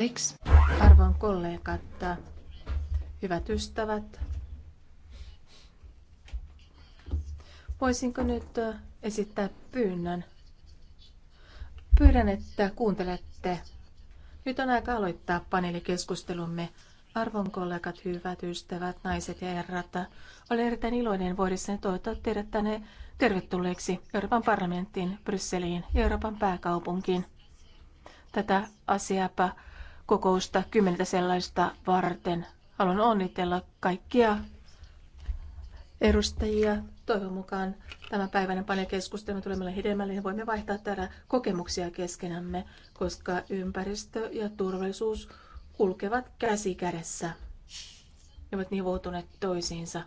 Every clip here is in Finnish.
Anteeksi, arvon kollegat, hyvät ystävät, voisinko nyt äh, esittää pyynnön? Pyydän, että kuuntelette. Nyt on aika aloittaa paneelikeskustelumme. Arvon kollegat, hyvät ystävät, naiset ja herrat, olen erittäin iloinen voidessani toivottaa teidät tänne tervetulleeksi Euroopan parlamenttiin, Brysseliin ja Euroopan pääkaupunkiin. Tätä asiaa kokousta, kymmentä sellaista varten. Haluan onnitella kaikkia edustajia. Toivon mukaan tämä päivänä paljon keskustelua tulee meille hedelmälle ja niin voimme vaihtaa täällä kokemuksia keskenämme, koska ympäristö ja turvallisuus kulkevat käsi kädessä. ja ovat nivoutuneet toisiinsa.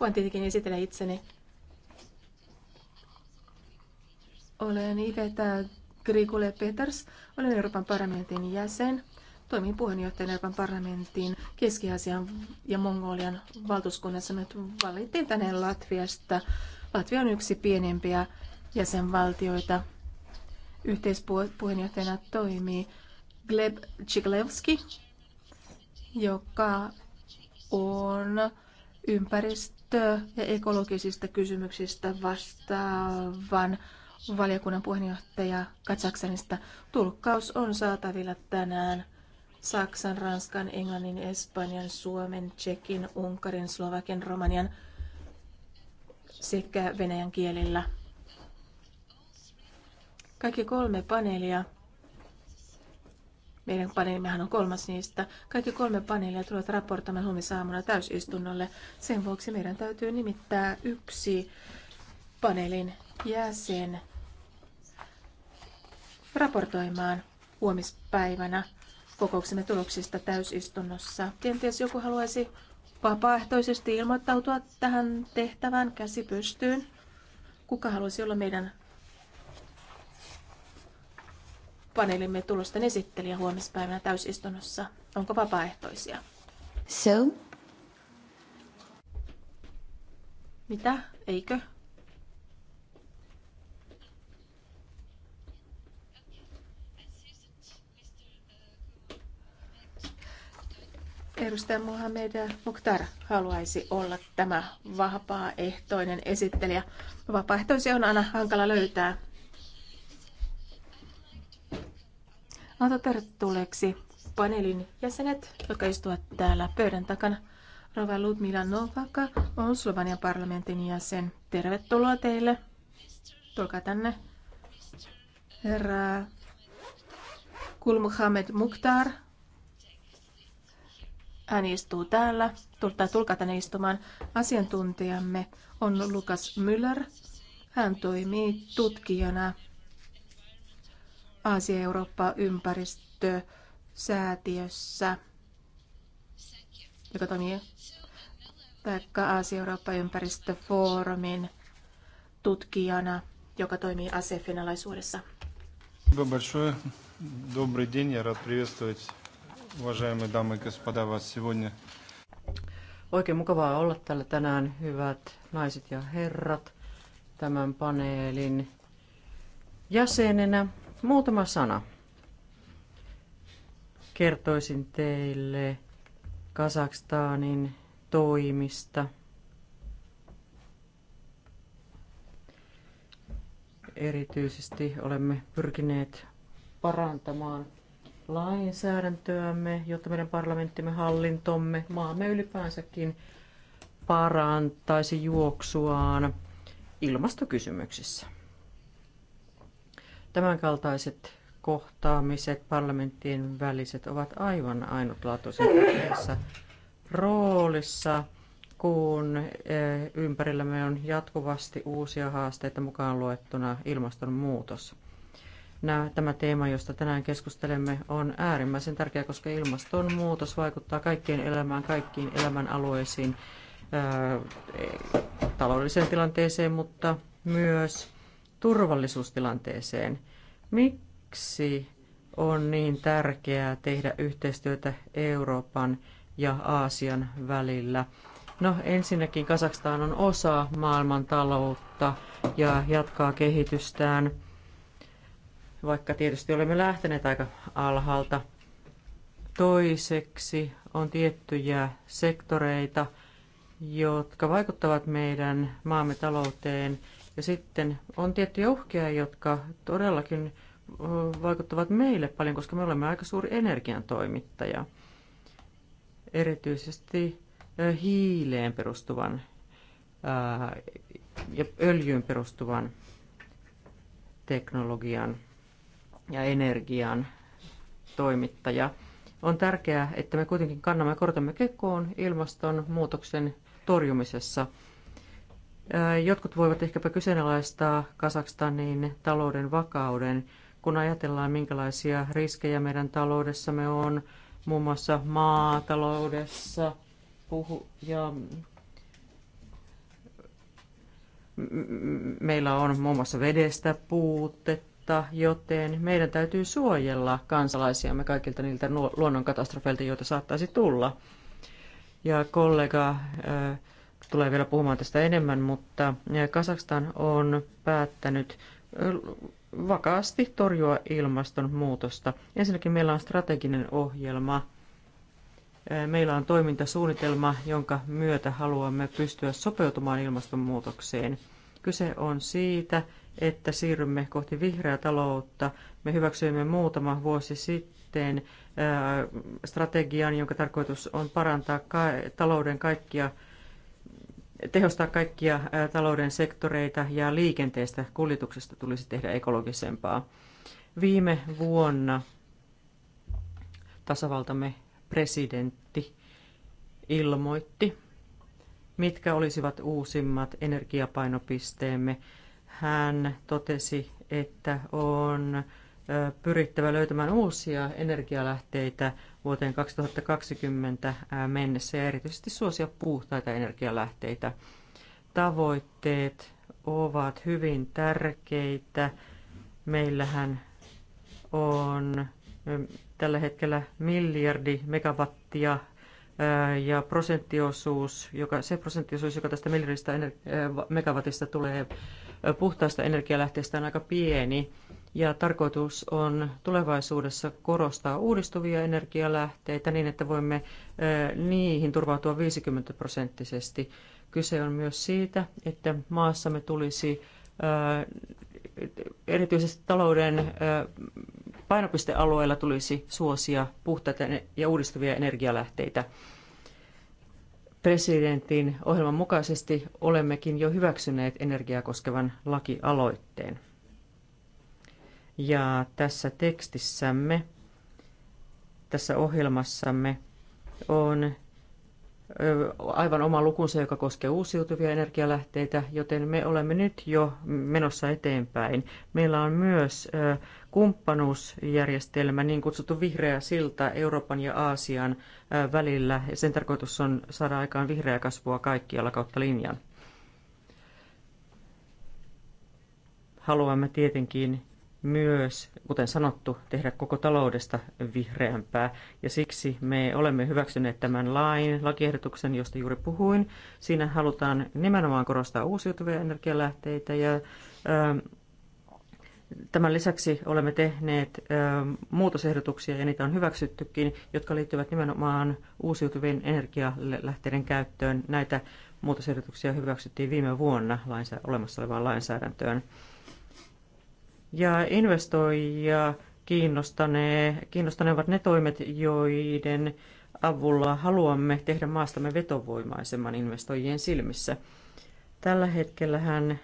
Voin tietenkin esitellä itseni. Olen Iveta Grigole Peters, olen Euroopan parlamentin jäsen. Toimin puheenjohtajan Euroopan parlamentin Keski-Aasian ja Mongolian valtuuskunnassa. Nyt valittiin tänne Latviasta. Latvia on yksi pienempiä jäsenvaltioita. Yhteispuheenjohtajana toimii Gleb Chiglevski, joka on ympäristö- ja ekologisista kysymyksistä vastaavan valiokunnan puheenjohtaja Katsaksanista. Tulkkaus on saatavilla tänään Saksan, Ranskan, Englannin, Espanjan, Suomen, Tsekin, Unkarin, Slovakian, Romanian sekä venäjän kielillä. Kaikki kolme paneelia, meidän paneelimmehan on kolmas niistä, kaikki kolme paneelia tulevat raportoimaan huomisaamuna täysistunnolle. Sen vuoksi meidän täytyy nimittää yksi paneelin jäsen raportoimaan huomispäivänä kokouksemme tuloksista täysistunnossa. Kenties joku haluaisi vapaaehtoisesti ilmoittautua tähän tehtävään käsi pystyyn. Kuka haluaisi olla meidän paneelimme tulosten esittelijä huomispäivänä täysistunnossa? Onko vapaaehtoisia? So? Mitä? Eikö? Edustaja Mohamed Mukhtar haluaisi olla tämä vapaaehtoinen esittelijä. Vapaaehtoisia on aina hankala löytää. Ota tervetulleeksi paneelin jäsenet, jotka istuvat täällä pöydän takana. Rova Ludmila Novaka on Slovanian parlamentin jäsen. Tervetuloa teille. Tulkaa tänne. Herra Kulmuhamed Mukhtar hän istuu täällä, tai tulkaa tänne istumaan. Asiantuntijamme on Lukas Müller. Hän toimii tutkijana Aasia-Eurooppa-ympäristösäätiössä, joka toimii taikka Aasia-Eurooppa-ympäristöfoorumin tutkijana, joka toimii ASEFin alaisuudessa. Добрый день, я рад приветствовать уважаемые дамы и господа, вас сегодня. Oikein mukavaa olla täällä tänään, hyvät naiset ja herrat, tämän paneelin jäsenenä. Muutama sana. Kertoisin teille Kasakstaanin toimista. Erityisesti olemme pyrkineet parantamaan lainsäädäntöämme, jotta meidän parlamenttimme, hallintomme, maamme ylipäänsäkin parantaisi juoksuaan ilmastokysymyksissä. Tämänkaltaiset kohtaamiset parlamenttien väliset ovat aivan ainutlaatuisen tärkeässä roolissa, kun eh, ympärillämme on jatkuvasti uusia haasteita mukaan luettuna ilmastonmuutos nämä, tämä teema, josta tänään keskustelemme, on äärimmäisen tärkeä, koska ilmastonmuutos vaikuttaa kaikkien elämään, kaikkiin elämän alueisiin, taloudelliseen tilanteeseen, mutta myös turvallisuustilanteeseen. Miksi on niin tärkeää tehdä yhteistyötä Euroopan ja Aasian välillä? No ensinnäkin Kazakstan on osa maailmantaloutta ja jatkaa kehitystään – vaikka tietysti olemme lähteneet aika alhaalta. Toiseksi on tiettyjä sektoreita, jotka vaikuttavat meidän maamme talouteen. Ja sitten on tiettyjä uhkia, jotka todellakin vaikuttavat meille paljon, koska me olemme aika suuri energiantoimittaja. Erityisesti hiileen perustuvan ja öljyyn perustuvan teknologian ja energian toimittaja. On tärkeää, että me kuitenkin kannamme kortemme kekoon ilmastonmuutoksen torjumisessa. Jotkut voivat ehkäpä kyseenalaistaa Kasakstanin talouden vakauden, kun ajatellaan minkälaisia riskejä meidän taloudessamme on, muun muassa maataloudessa puhu, ja meillä on muun muassa vedestä puutetta totta, joten meidän täytyy suojella kansalaisiamme kaikilta niiltä luonnonkatastrofeilta, joita saattaisi tulla. Ja kollega äh, tulee vielä puhumaan tästä enemmän, mutta äh, Kasakstan on päättänyt äh, vakaasti torjua ilmastonmuutosta. Ensinnäkin meillä on strateginen ohjelma. Meillä on toimintasuunnitelma, jonka myötä haluamme pystyä sopeutumaan ilmastonmuutokseen. Kyse on siitä, että siirrymme kohti vihreää taloutta. Me hyväksyimme muutama vuosi sitten äh, strategian, jonka tarkoitus on parantaa talouden kaikkia tehostaa kaikkia äh, talouden sektoreita ja liikenteestä kuljetuksesta tulisi tehdä ekologisempaa. Viime vuonna tasavaltamme presidentti ilmoitti, mitkä olisivat uusimmat energiapainopisteemme hän totesi, että on pyrittävä löytämään uusia energialähteitä vuoteen 2020 mennessä ja erityisesti suosia puhtaita energialähteitä. Tavoitteet ovat hyvin tärkeitä. Meillähän on tällä hetkellä miljardi megawattia ja prosenttiosuus, joka, se prosenttiosuus, joka tästä miljardista megawattista tulee puhtaista energialähteistä on aika pieni ja tarkoitus on tulevaisuudessa korostaa uudistuvia energialähteitä niin, että voimme niihin turvautua 50 prosenttisesti. Kyse on myös siitä, että maassamme tulisi erityisesti talouden painopistealueilla tulisi suosia puhtaita ja uudistuvia energialähteitä presidentin ohjelman mukaisesti olemmekin jo hyväksyneet energiaa koskevan lakialoitteen. Ja tässä tekstissämme, tässä ohjelmassamme on aivan oma lukunsa, joka koskee uusiutuvia energialähteitä, joten me olemme nyt jo menossa eteenpäin. Meillä on myös kumppanuusjärjestelmä, niin kutsuttu vihreä silta Euroopan ja Aasian välillä. Ja sen tarkoitus on saada aikaan vihreää kasvua kaikkialla kautta linjan. Haluamme tietenkin myös, kuten sanottu, tehdä koko taloudesta vihreämpää. Ja siksi me olemme hyväksyneet tämän lain, lakiehdotuksen, josta juuri puhuin. Siinä halutaan nimenomaan korostaa uusiutuvia energialähteitä ja ö, Tämän lisäksi olemme tehneet muutosehdotuksia, ja niitä on hyväksyttykin, jotka liittyvät nimenomaan uusiutuvien energialähteiden käyttöön. Näitä muutosehdotuksia hyväksyttiin viime vuonna olemassa olevaan lainsäädäntöön. Ja investoijia kiinnostanee, kiinnostanevat ne toimet, joiden avulla haluamme tehdä maastamme vetovoimaisemman investoijien silmissä. Tällä hetkellähän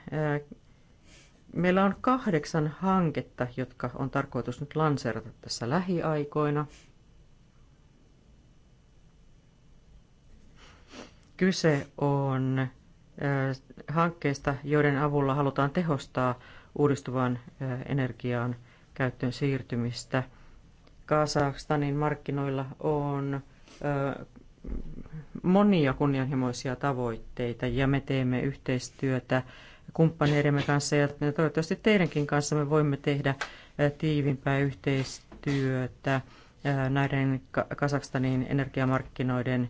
Meillä on kahdeksan hanketta, jotka on tarkoitus nyt lanseerata tässä lähiaikoina. Kyse on hankkeista, joiden avulla halutaan tehostaa uudistuvan energiaan käyttöön siirtymistä. Kazakstanin markkinoilla on monia kunnianhimoisia tavoitteita ja me teemme yhteistyötä kumppaneidemme kanssa ja toivottavasti teidänkin kanssa me voimme tehdä tiivimpää yhteistyötä näiden Kasakstanin energiamarkkinoiden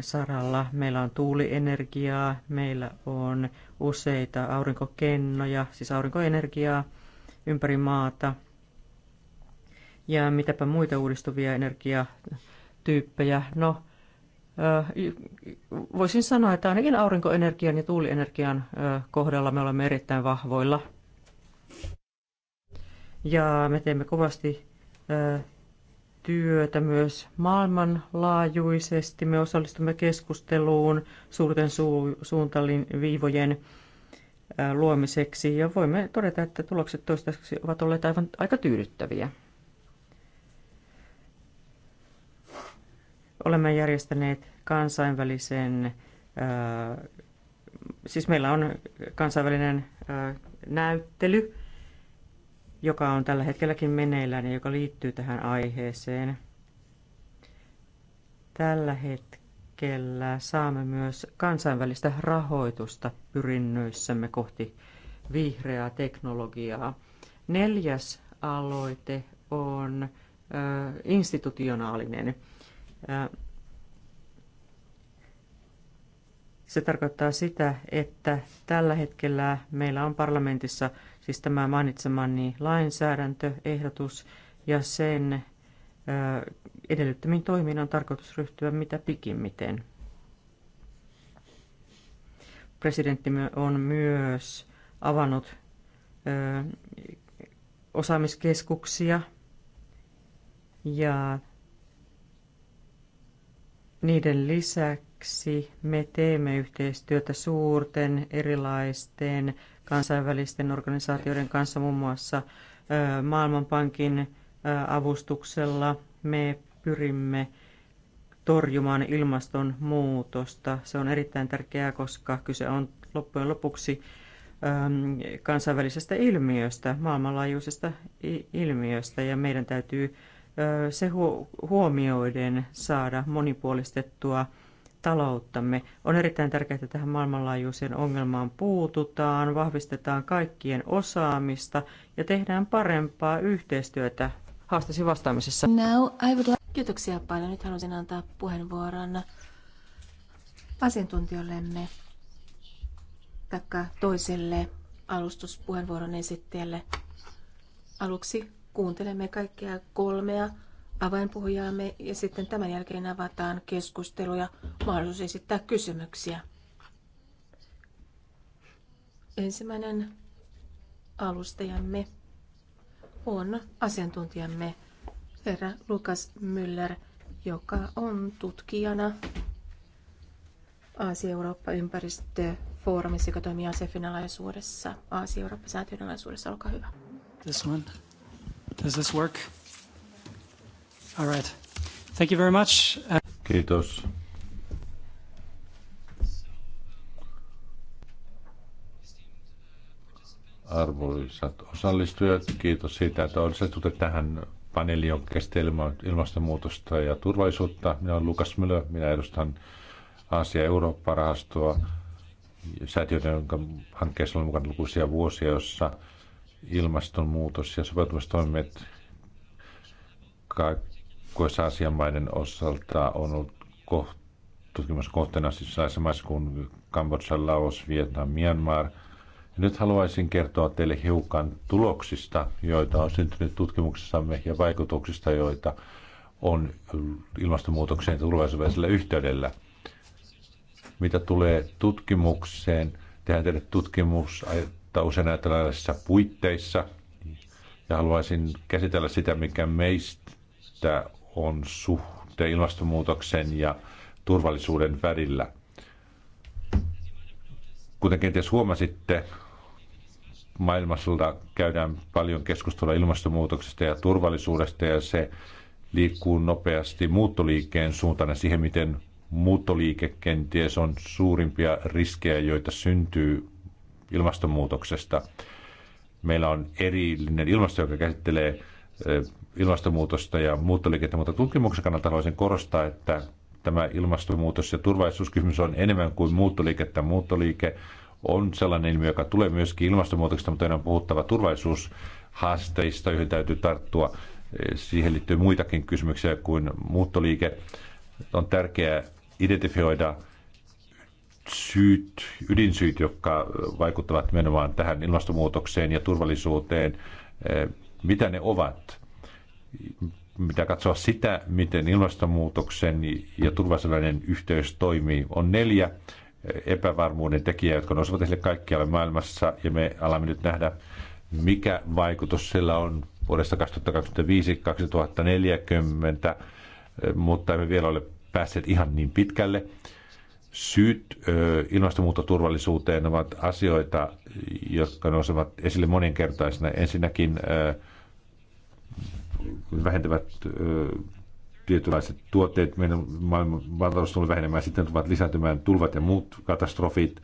saralla. Meillä on tuulienergiaa, meillä on useita aurinkokennoja, siis aurinkoenergiaa ympäri maata. Ja mitäpä muita uudistuvia energiatyyppejä? No, Voisin sanoa, että ainakin aurinkoenergian ja tuulienergian kohdalla me olemme erittäin vahvoilla. Ja me teemme kovasti työtä myös maailmanlaajuisesti. Me osallistumme keskusteluun suurten su- suuntaviivojen luomiseksi ja voimme todeta, että tulokset toistaiseksi ovat olleet aivan aika tyydyttäviä. Olemme järjestäneet kansainvälisen, äh, siis meillä on kansainvälinen äh, näyttely, joka on tällä hetkelläkin meneillään ja joka liittyy tähän aiheeseen. Tällä hetkellä saamme myös kansainvälistä rahoitusta pyrinnöissämme kohti vihreää teknologiaa. Neljäs aloite on ö, äh, institutionaalinen se tarkoittaa sitä, että tällä hetkellä meillä on parlamentissa siis tämä mainitsemani lainsäädäntöehdotus ja sen edellyttämiin toimiin on tarkoitus ryhtyä mitä pikimmiten. Presidentti on myös avannut osaamiskeskuksia ja niiden lisäksi me teemme yhteistyötä suurten erilaisten kansainvälisten organisaatioiden kanssa, muun muassa Maailmanpankin avustuksella. Me pyrimme torjumaan ilmastonmuutosta. Se on erittäin tärkeää, koska kyse on loppujen lopuksi kansainvälisestä ilmiöstä, maailmanlaajuisesta ilmiöstä, ja meidän täytyy se huomioiden saada monipuolistettua talouttamme. On erittäin tärkeää, että tähän maailmanlaajuiseen ongelmaan puututaan, vahvistetaan kaikkien osaamista ja tehdään parempaa yhteistyötä haastasi vastaamisessa. Now I would like... Kiitoksia paljon. Nyt haluaisin antaa puheenvuoron asiantuntijoillemme tai toiselle alustuspuheenvuoron esittäjälle. Aluksi kuuntelemme kaikkia kolmea avainpuhujaamme ja sitten tämän jälkeen avataan keskustelu ja mahdollisuus esittää kysymyksiä. Ensimmäinen alustajamme on asiantuntijamme herra Lukas Müller, joka on tutkijana Aasia-Eurooppa-ympäristöfoorumissa, joka toimii Asia-Finalaisuudessa, Aasia-Eurooppa-säätiön alaisuudessa. Olkaa hyvä. This one. Does this work? All right. Thank you very much. Kiitos. Arvoisat osallistujat, kiitos siitä, että osallistutte tähän paneeliin, joka käsittelee ilmastonmuutosta ja turvallisuutta. Minä olen Lukas Mylö, minä edustan Aasia-Eurooppa-rahastoa, säätiötä, jonka hankkeessa olen mukana lukuisia vuosia, jossa ilmastonmuutos ja sopeutumistoimet kaikkoissa asianmaiden osalta on ollut koht, tutkimuskohteena kohteena siis näissä maissa kuin Kambodža, Laos, Vietnam, Myanmar. Ja nyt haluaisin kertoa teille hiukan tuloksista, joita on syntynyt tutkimuksessamme ja vaikutuksista, joita on ilmastonmuutokseen turvallisuudella yhteydellä. Mitä tulee tutkimukseen, tehdään teille tutkimus mutta usein ajatellaan tällaisissa puitteissa. Ja haluaisin käsitellä sitä, mikä meistä on suhteen ilmastonmuutoksen ja turvallisuuden välillä. Kuten kenties huomasitte, maailmassa käydään paljon keskustelua ilmastonmuutoksesta ja turvallisuudesta ja se liikkuu nopeasti muuttoliikkeen ja siihen, miten muuttoliike kenties on suurimpia riskejä, joita syntyy ilmastonmuutoksesta. Meillä on erillinen ilmasto, joka käsittelee ilmastonmuutosta ja muuttoliikettä, mutta tutkimuksen kannalta haluaisin korostaa, että tämä ilmastonmuutos ja turvallisuuskysymys on enemmän kuin muuttoliikettä. Muuttoliike on sellainen ilmiö, joka tulee myöskin ilmastonmuutoksesta, mutta on puhuttava turvallisuushaasteista, joihin täytyy tarttua. Siihen liittyy muitakin kysymyksiä kuin muuttoliike. On tärkeää identifioida syyt, ydinsyyt, jotka vaikuttavat nimenomaan tähän ilmastonmuutokseen ja turvallisuuteen, eh, mitä ne ovat. Mitä katsoa sitä, miten ilmastonmuutoksen ja turvallisuuden yhteys toimii. On neljä eh, epävarmuuden tekijää, jotka nousevat esille kaikkialla maailmassa, ja me alamme nyt nähdä, mikä vaikutus sillä on vuodesta 2025-2040, eh, mutta emme vielä ole päässeet ihan niin pitkälle syyt ilmastonmuutoturvallisuuteen ovat asioita, jotka nousevat esille moninkertaisena. Ensinnäkin vähentävät tietynlaiset tuotteet, meidän maailmantalous tulee vähenemään, sitten tulevat lisääntymään tulvat ja muut katastrofit.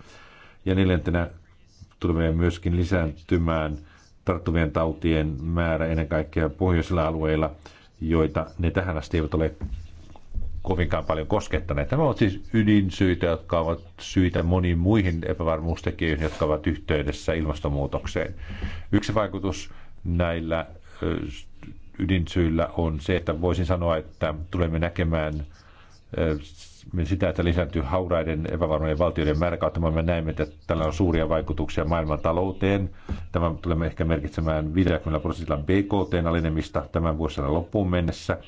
Ja neljäntenä tulee myöskin lisääntymään tarttuvien tautien määrä ennen kaikkea pohjoisilla alueilla, joita ne tähän asti eivät ole kovinkaan paljon koskettaneet. Nämä ovat siis ydinsyitä, jotka ovat syitä moniin muihin epävarmuustekijöihin, jotka ovat yhteydessä ilmastonmuutokseen. Yksi vaikutus näillä ydinsyillä on se, että voisin sanoa, että tulemme näkemään sitä, että lisääntyy hauraiden epävarmojen valtioiden määrä kautta. Me näemme, että tällä on suuria vaikutuksia maailman talouteen. Tämä tulemme ehkä merkitsemään 50 prosentilla BKT-alenemista tämän vuosina loppuun mennessä.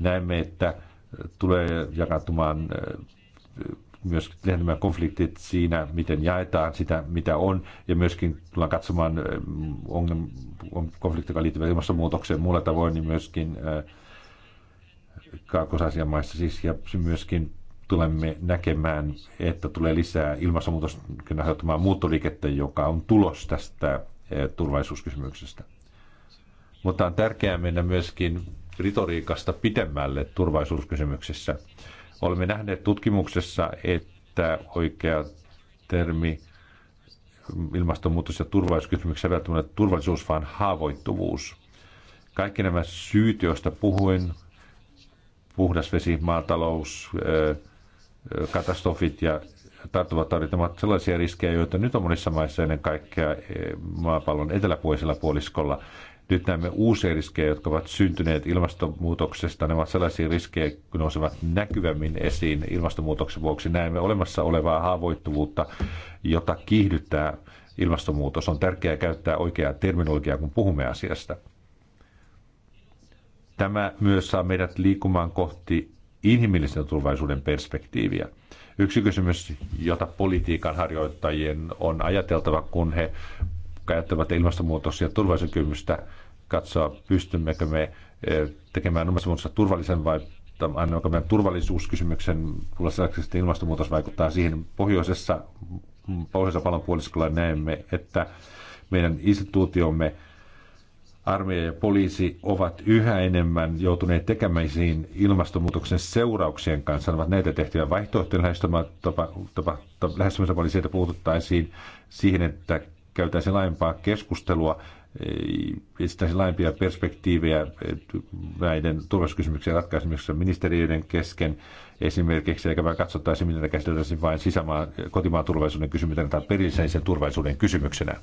Näemme, että tulee jakautumaan äh, myös nämä konfliktit siinä, miten jaetaan sitä, mitä on, ja myöskin tullaan katsomaan äh, ongelma, konflikteja, jotka liittyvät ilmastonmuutokseen muulla tavoin, niin myöskin äh, kaakosasian maissa siis, ja myöskin tulemme näkemään, että tulee lisää ilmastonmuutoksen aiheuttamaa muuttoliikettä, joka on tulos tästä turvallisuuskysymyksestä. Mutta on tärkeää mennä myöskin ritoriikasta pitemmälle turvallisuuskysymyksissä. Olemme nähneet tutkimuksessa, että oikea termi ilmastonmuutos- ja turvallisuuskysymyksessä välttämättä turvallisuus, vaan haavoittuvuus. Kaikki nämä syyt, joista puhuin, puhdas vesi, maatalous, katastrofit ja taudit, ovat sellaisia riskejä, joita nyt on monissa maissa ennen kaikkea maapallon eteläpuolisella puoliskolla. Nyt näemme uusia riskejä, jotka ovat syntyneet ilmastonmuutoksesta. Ne ovat sellaisia riskejä, kun nousevat näkyvämmin esiin ilmastonmuutoksen vuoksi. Näemme olemassa olevaa haavoittuvuutta, jota kiihdyttää ilmastonmuutos. On tärkeää käyttää oikeaa terminologiaa, kun puhumme asiasta. Tämä myös saa meidät liikumaan kohti inhimillisen turvallisuuden perspektiiviä. Yksi kysymys, jota politiikan harjoittajien on ajateltava, kun he ajattelevat ilmastonmuutoksia ja turvallisuuskysymystä, katsoa, pystymmekö me eh, tekemään ilmastonmuutosta turvallisen vai annammeko meidän turvallisuuskysymyksen tulla sellaiseksi, että ilmastonmuutos vaikuttaa siihen. Pohjoisessa, pohjoisessa palanpuoliskolla näemme, että meidän instituutiomme armeija ja poliisi ovat yhä enemmän joutuneet tekemäisiin ilmastonmuutoksen seurauksien kanssa. Ne ovat näitä tehtyjä vaihtoehtoja lähestymistapa, lähestymistapa oli se, että puututtaisiin siihen, että käytäisiin laajempaa keskustelua, esittäisiin laajempia perspektiivejä näiden turvallisuuskysymyksien ratkaisemisessa ministeriöiden kesken esimerkiksi, eikä vaan katsottaisiin, miten käsiteltäisiin vain sisämaan, kotimaan turvallisuuden kysymyksenä tai perillisen turvallisuuden kysymyksenä.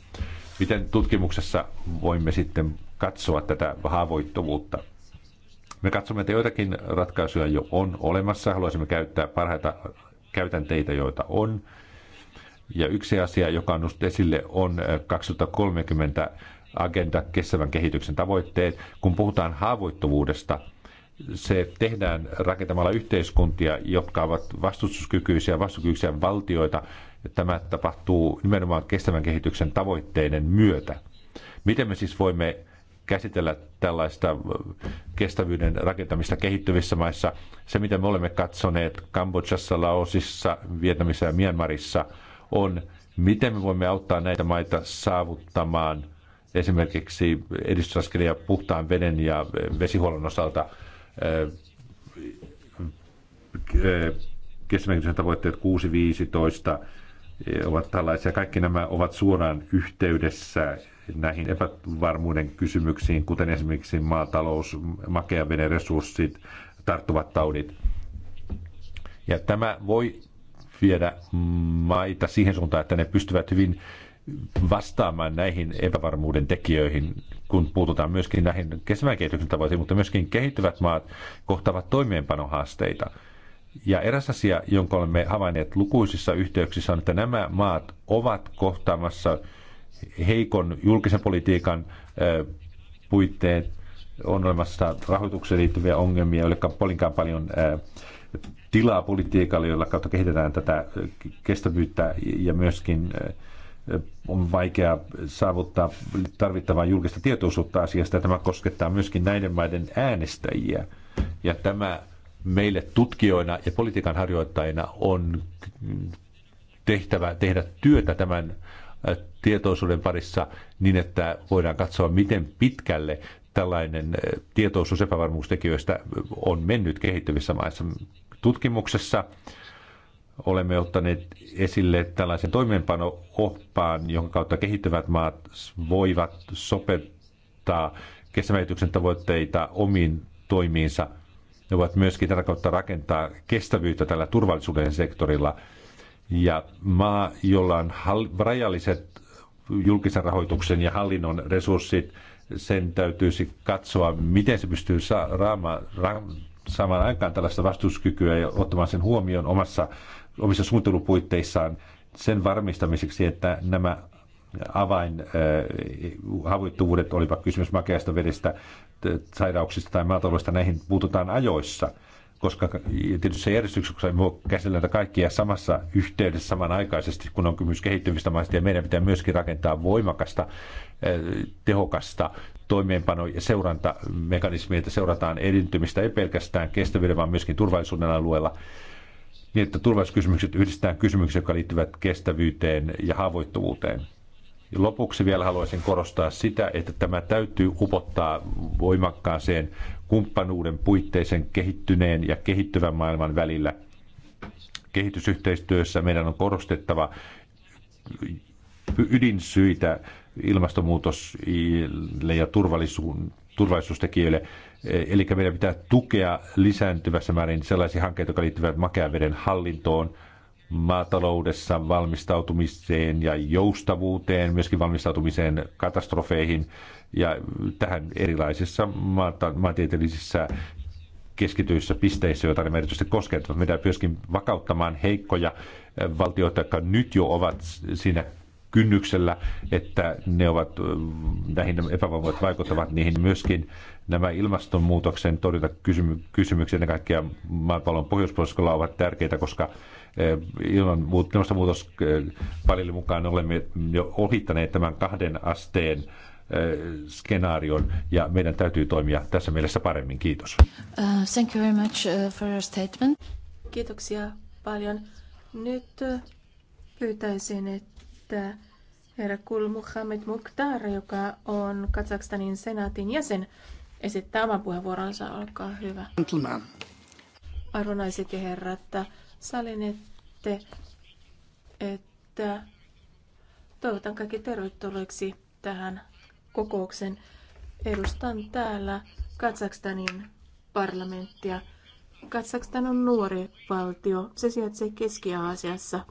Miten tutkimuksessa voimme sitten katsoa tätä haavoittuvuutta? Me katsomme, että joitakin ratkaisuja jo on olemassa. Haluaisimme käyttää parhaita käytänteitä, joita on. Ja yksi asia, joka on nostettu esille, on 2030 äh, agenda kestävän kehityksen tavoitteet. Kun puhutaan haavoittuvuudesta, se tehdään rakentamalla yhteiskuntia, jotka ovat vastustuskykyisiä, vastustuskykyisiä valtioita. Tämä tapahtuu nimenomaan kestävän kehityksen tavoitteiden myötä. Miten me siis voimme käsitellä tällaista äh, kestävyyden rakentamista kehittyvissä maissa? Se, mitä me olemme katsoneet Kambodžassa, Laosissa, Vietnamissa ja Myanmarissa – on, miten me voimme auttaa näitä maita saavuttamaan esimerkiksi edistysaskelia puhtaan veden ja vesihuollon osalta eh, eh, kestävän tavoitteet 6, 15 eh, ovat tällaisia. Kaikki nämä ovat suoraan yhteydessä näihin epävarmuuden kysymyksiin, kuten esimerkiksi maatalous, makeaveden resurssit, tarttuvat taudit. Ja tämä voi viedä maita siihen suuntaan, että ne pystyvät hyvin vastaamaan näihin epävarmuuden tekijöihin, kun puututaan myöskin näihin kestävän kehityksen tavoitteisiin, mutta myöskin kehittyvät maat kohtaavat toimeenpanohaasteita. Ja eräs asia, jonka olemme havainneet lukuisissa yhteyksissä, on, että nämä maat ovat kohtaamassa heikon julkisen politiikan puitteet, on olemassa rahoitukseen liittyviä ongelmia, joille on polinkaan paljon tilaa politiikalle, jolla kautta kehitetään tätä äh, kestävyyttä ja myöskin äh, on vaikea saavuttaa tarvittavaa julkista tietoisuutta asiasta. Tämä koskettaa myöskin näiden maiden äänestäjiä. Ja tämä meille tutkijoina ja politiikan harjoittajina on tehtävä tehdä työtä tämän äh, tietoisuuden parissa niin, että voidaan katsoa, miten pitkälle tällainen tietoisuus epävarmuustekijöistä on mennyt kehittyvissä maissa tutkimuksessa olemme ottaneet esille tällaisen toimeenpano-oppaan, jonka kautta kehittyvät maat voivat sopettaa kestävän tavoitteita omiin toimiinsa. Ne voivat myöskin tätä kautta rakentaa kestävyyttä tällä turvallisuuden sektorilla. Ja maa, jolla on rajalliset julkisen rahoituksen ja hallinnon resurssit, sen täytyisi katsoa, miten se pystyy saamaan saamaan aikaan tällaista vastuuskykyä ja ottamaan sen huomioon omassa, omissa suunnittelupuitteissaan sen varmistamiseksi, että nämä avain äh, havoittuvuudet, olipa kysymys makeasta vedestä, sairauksista tai maataloudesta, näihin puututaan ajoissa koska tietysti se järjestyksessä ei voi käsitellä kaikkia samassa yhteydessä samanaikaisesti, kun on kysymys kehittymistä maista, ja meidän pitää myöskin rakentaa voimakasta, äh, tehokasta toimeenpano- ja seurantamekanismi, että seurataan edintymistä ei pelkästään kestävyyden, vaan myöskin turvallisuuden alueella, niin että turvallisuuskysymykset yhdistetään kysymyksiin, jotka liittyvät kestävyyteen ja haavoittuvuuteen. Ja lopuksi vielä haluaisin korostaa sitä, että tämä täytyy upottaa voimakkaaseen kumppanuuden puitteisen kehittyneen ja kehittyvän maailman välillä. Kehitysyhteistyössä meidän on korostettava ydinsyitä ilmastonmuutosille ja turvallisuustekijöille. Eli meidän pitää tukea lisääntyvässä määrin sellaisia hankkeita, jotka liittyvät makean veden hallintoon, maataloudessa valmistautumiseen ja joustavuuteen, myöskin valmistautumiseen katastrofeihin ja tähän erilaisissa maata, maantieteellisissä keskityissä pisteissä, joita ne erityisesti koskevat. Meidän myöskin vakauttamaan heikkoja valtioita, jotka nyt jo ovat siinä kynnyksellä, että ne ovat, näihin epävaivat vaikuttavat niihin myöskin nämä ilmastonmuutoksen kysymyksiä, ennen kaikkea maapallon pohjoispuoliskolla ovat tärkeitä, koska ilman ilmastonmuutos paljon mukaan olemme jo ohittaneet tämän kahden asteen skenaarion ja meidän täytyy toimia tässä mielessä paremmin. Kiitos. Uh, thank you very much uh, for your statement. Kiitoksia paljon. Nyt pyytäisin, että että herra Kul Muhammed Mukhtar, joka on Kazakstanin senaatin jäsen, esittää oman puheenvuoronsa. Olkaa hyvä. Arvonaiset ja herrat, salinette, että toivotan kaikki tervetulleeksi tähän kokouksen. Edustan täällä Kazakstanin parlamenttia. Kazakstan on nuori valtio. Se sijaitsee Keski-Aasiassa.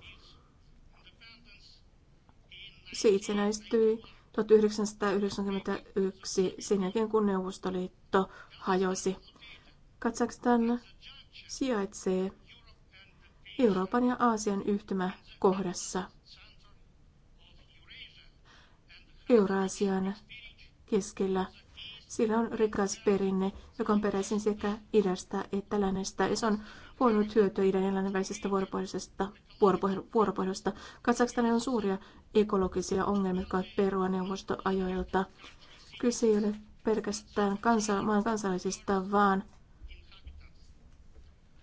Se itsenäistyi 1991 sen jälkeen, kun Neuvostoliitto hajosi. Kazakstan sijaitsee Euroopan ja Aasian yhtymäkohdassa. Euraasian keskellä. Sillä on rikas perinne, joka on peräisin sekä idästä että lännestä, ja se on voinut hyötyä idän ja lännen välisestä vuoropuolisesta vuoropuhelusta. Kazakstanilla on suuria ekologisia ongelmia, jotka ovat perua neuvostoajoilta. Kyse ei ole pelkästään kansa, maan kansallisista vaan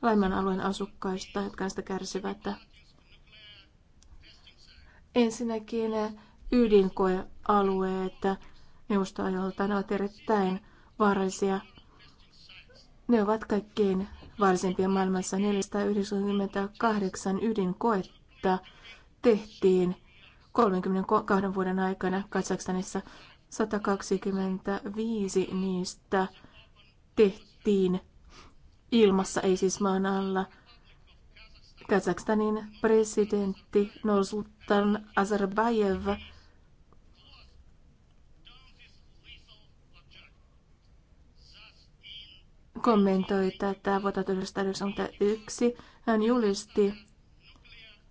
Laiman alueen asukkaista, jotka sitä kärsivät. Ensinnäkin ydinkoealueet neuvostoajoilta ne ovat erittäin vaarallisia. Ne ovat kaikkein varsimpia maailmassa 498 ydinkoetta tehtiin 32 vuoden aikana Kazakstanissa 125 niistä tehtiin ilmassa, ei siis maan alla. Kazakstanin presidentti Nursultan Azarbayev kommentoi tätä vuotta 1991. Hän julisti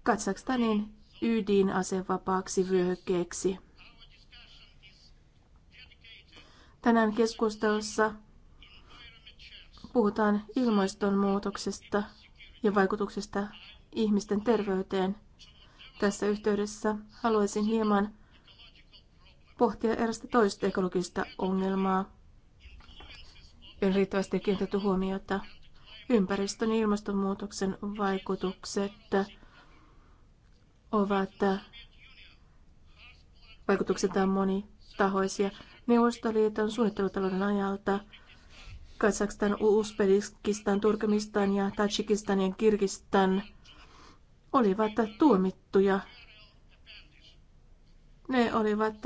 Katsakstanin ydinasevapaaksi vyöhykkeeksi. Tänään keskustelussa puhutaan ilmastonmuutoksesta ja vaikutuksesta ihmisten terveyteen. Tässä yhteydessä haluaisin hieman pohtia erästä toista ekologista ongelmaa, on riittävästi kiinnitetty huomiota. Ympäristön ja ilmastonmuutoksen vaikutukset ovat on monitahoisia. Neuvostoliiton suunnittelutalouden ajalta Kazakstan, Uzbekistan, Turkmenistan ja Tajikistan ja Kirgistan olivat tuomittuja. Ne olivat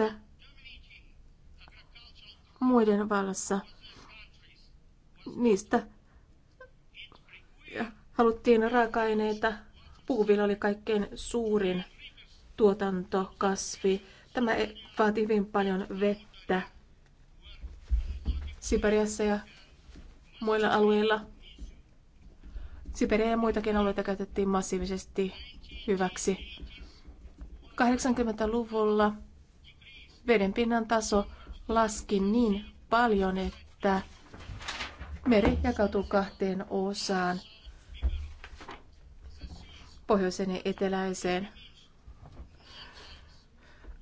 muiden vallassa niistä haluttiin raaka-aineita. Puuvilla oli kaikkein suurin tuotantokasvi. Tämä e- vaati hyvin paljon vettä. Siperiassa ja muilla alueilla. Siberia ja muitakin alueita käytettiin massiivisesti hyväksi. 80-luvulla vedenpinnan taso laski niin paljon, että Meri jakautuu kahteen osaan, pohjoiseen ja eteläiseen.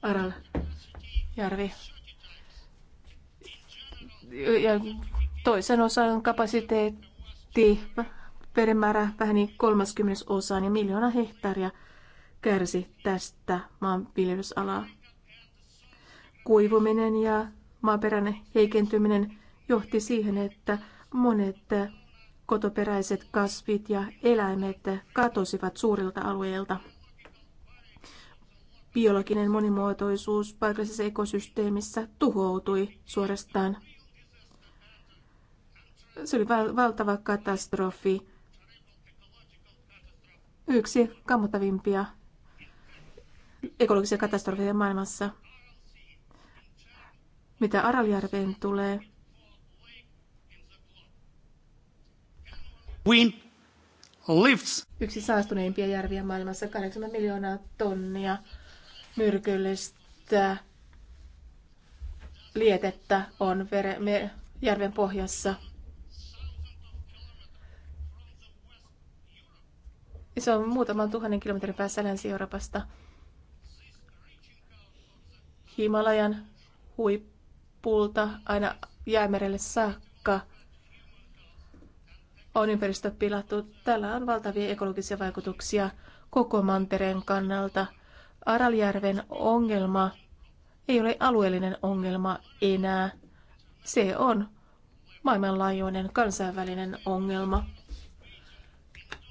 Aral järvi. Ja toisen osan kapasiteetti perimäärä niin 30 osaan ja miljoona hehtaaria kärsi tästä maanviljelysalaa. Kuivuminen ja maaperän heikentyminen johti siihen, että Monet kotoperäiset kasvit ja eläimet katosivat suurilta alueilta. Biologinen monimuotoisuus paikallisessa ekosysteemissä tuhoutui suorastaan. Se oli val- valtava katastrofi, yksi kammottavimpia ekologisia katastrofeja maailmassa. Mitä Araljärveen tulee, Queen lifts. Yksi saastuneimpia järviä maailmassa, 8 miljoonaa tonnia myrkyllistä lietettä on vere, me, järven pohjassa. Se on muutaman tuhannen kilometrin päässä Länsi-Euroopasta. Himalajan huippulta aina jäämerelle saakka – on ympäristö pilattu. Tällä on valtavia ekologisia vaikutuksia koko mantereen kannalta. Araljärven ongelma ei ole alueellinen ongelma enää. Se on maailmanlaajuinen kansainvälinen ongelma.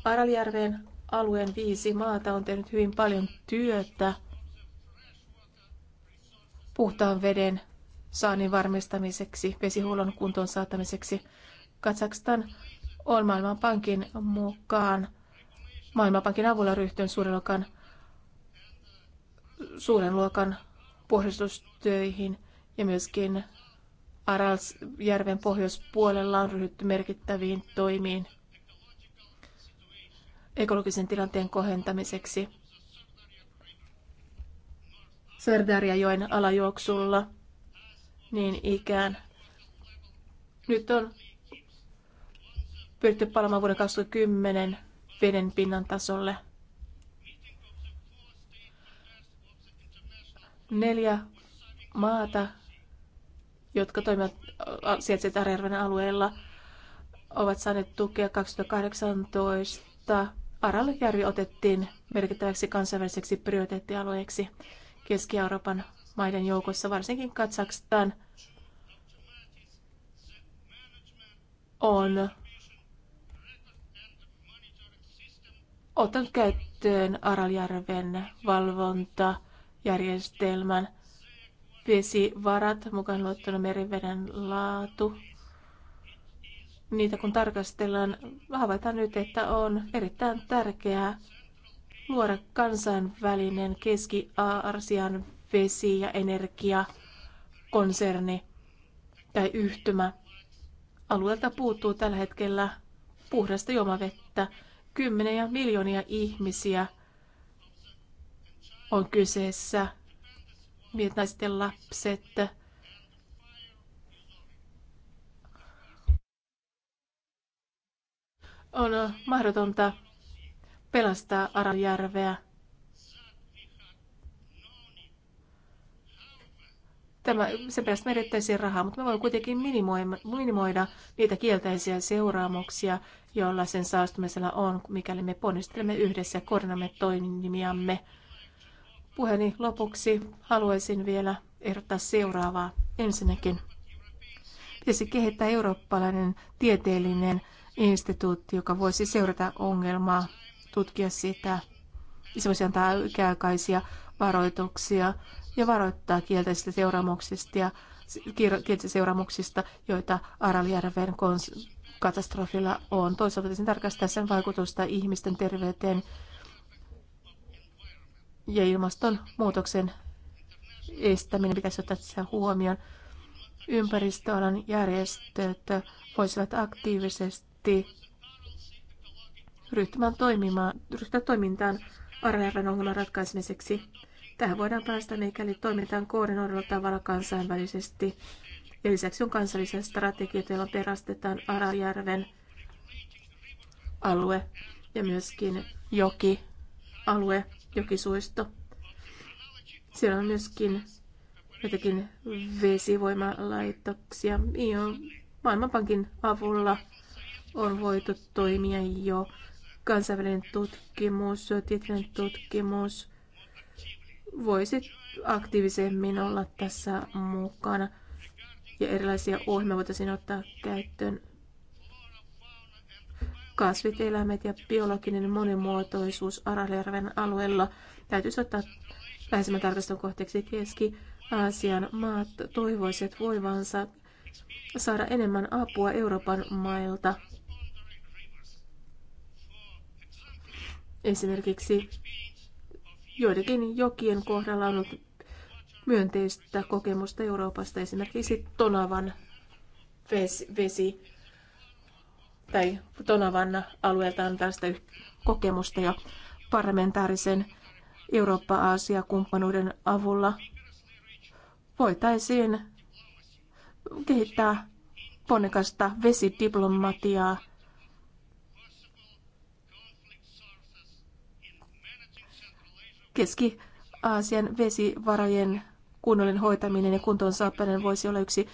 Araljärven alueen viisi maata on tehnyt hyvin paljon työtä puhtaan veden saannin varmistamiseksi, vesihuollon kuntoon saattamiseksi. Kazakstan on Maailmanpankin mukaan Maailmanpankin avulla ryhtyen suuren luokan, suuren luokan puhdistustöihin ja myöskin Aralsjärven pohjoispuolella on ryhdytty merkittäviin toimiin ekologisen tilanteen kohentamiseksi. Sardarjajoen alajuoksulla niin ikään. Nyt on pyritty palaamaan vuoden 2010 veden pinnan tasolle. Neljä maata, jotka toimivat sieltä Arjärven alueella, ovat saaneet tukea 2018. Araljärvi otettiin merkittäväksi kansainväliseksi prioriteettialueeksi Keski-Euroopan maiden joukossa, varsinkin Katsakstan on Otan käyttöön Araljärven valvontajärjestelmän vesivarat, mukaan luottuna meriveden laatu. Niitä kun tarkastellaan, havaitaan nyt, että on erittäin tärkeää luoda kansainvälinen Keski-Aasian vesi- ja energiakonserni tai yhtymä. Alueelta puuttuu tällä hetkellä puhdasta juomavettä kymmeniä miljoonia ihmisiä on kyseessä. Miehet, naiset ja lapset. On mahdotonta pelastaa Aranjärveä. Tämä, sen perästä menettäisiin rahaa, mutta me voimme kuitenkin minimoida niitä kielteisiä seuraamuksia, joilla sen saastumisella on, mikäli me ponnistelemme yhdessä ja koordinamme toimimiamme. Puheeni lopuksi haluaisin vielä ehdottaa seuraavaa. Ensinnäkin pitäisi kehittää eurooppalainen tieteellinen instituutti, joka voisi seurata ongelmaa, tutkia sitä. Se voisi antaa ikäaikaisia varoituksia ja varoittaa kielteisistä seuraamuksista ja kielteisistä seuraamuksista, joita Araljärven katastrofilla on. Toisaalta sen tarkastaa sen vaikutusta ihmisten terveyteen ja ilmastonmuutoksen estäminen pitäisi ottaa tässä huomioon. Ympäristöalan järjestöt voisivat aktiivisesti ryhtymään toimimaan, ryhtyä toimintaan Arajärven ongelman ratkaisemiseksi. Tähän voidaan päästä, mikäli toimitaan koordinoidulla tavalla kansainvälisesti. Ja lisäksi on kansallisia strategioita, joilla perastetaan Arajärven alue ja myöskin joki, alue, jokisuisto. Siellä on myöskin jotakin vesivoimalaitoksia. Niin Maailmanpankin avulla on voitu toimia jo kansainvälinen tutkimus, tieteellinen tutkimus Voisit aktiivisemmin olla tässä mukana ja erilaisia ohjelmia voitaisiin ottaa käyttöön. Kasvit, eläimet ja biologinen monimuotoisuus Aralijärven alueella täytyisi ottaa läheisemmän tarkastelun kohteeksi Keski-Aasian maat toivoiset voivansa saada enemmän apua Euroopan mailta. Esimerkiksi Joidenkin jokien kohdalla on ollut myönteistä kokemusta Euroopasta, esimerkiksi Tonavan vesi tai Tonavan alueelta on tästä kokemusta ja parlamentaarisen Eurooppa-Aasia-kumppanuuden avulla voitaisiin kehittää ponnekasta vesidiplomatiaa Keski-Aasian vesivarojen kunnollinen hoitaminen ja kuntoon saapuminen voisi olla yksi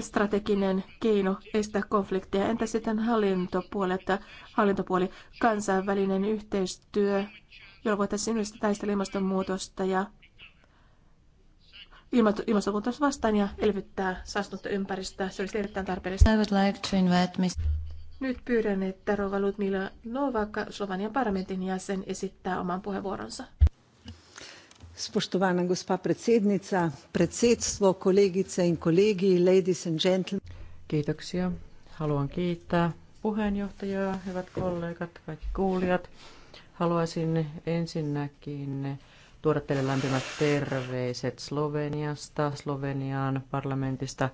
strateginen keino estää konflikteja. Entä sitten hallintopuoli, että hallintopuoli kansainvälinen yhteistyö, jolla voitaisiin yhdessä taistella ilmastonmuutosta ja ilmastonmuutosta vastaan ja elvyttää saastunutta ympäristöä. Se olisi erittäin tarpeellista. I would like to invite me. Nyt pyydän, että Rova Ludmila Novak, Slovanian parlamentin jäsen, esittää oman puheenvuoronsa. Spoštovana gospa predsednica, predsedstvo, kolegice in kolegi, ladies and gentlemen. Kiitoksia. Haluan kiittää puheenjohtajaa, hyvät kollegat, kaikki kuulijat. Haluaisin ensinnäkin tuoda teille lämpimät terveiset Sloveniasta, Slovenian parlamentista.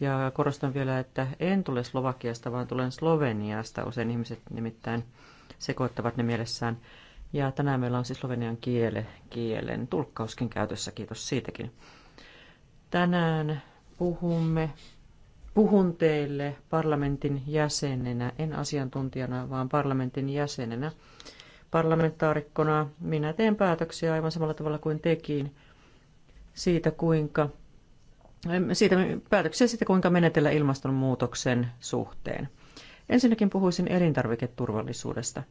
Ja korostan vielä, että en tule Slovakiasta, vaan tulen Sloveniasta. Usein ihmiset nimittäin sekoittavat ne mielessään. Ja tänään meillä on siis slovenian kiele, kielen tulkkauskin käytössä, kiitos siitäkin. Tänään puhumme, puhun teille parlamentin jäsenenä, en asiantuntijana, vaan parlamentin jäsenenä, parlamentaarikkona. Minä teen päätöksiä aivan samalla tavalla kuin tekin siitä, kuinka siitä, päätöksiä siitä, kuinka menetellä ilmastonmuutoksen suhteen. Ensinnäkin puhuisin elintarviketurvallisuudesta.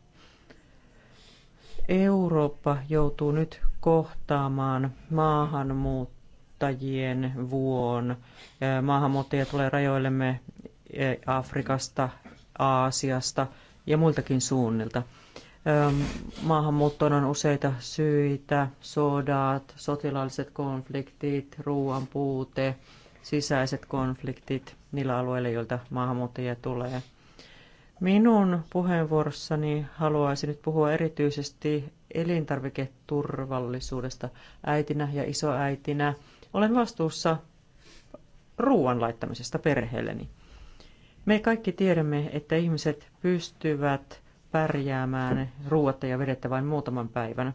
Eurooppa joutuu nyt kohtaamaan maahanmuuttajien vuon. Maahanmuuttajia tulee rajoillemme Afrikasta, Aasiasta ja muiltakin suunnilta. Maahanmuuttoon on useita syitä, sodat, sotilaalliset konfliktit, ruoan puute, sisäiset konfliktit niillä alueilla, joilta maahanmuuttajia tulee – Minun puheenvuorossani haluaisin nyt puhua erityisesti elintarviketurvallisuudesta äitinä ja isoäitinä. Olen vastuussa ruoan laittamisesta perheelleni. Me kaikki tiedämme, että ihmiset pystyvät pärjäämään ruoatta ja vedettä vain muutaman päivän.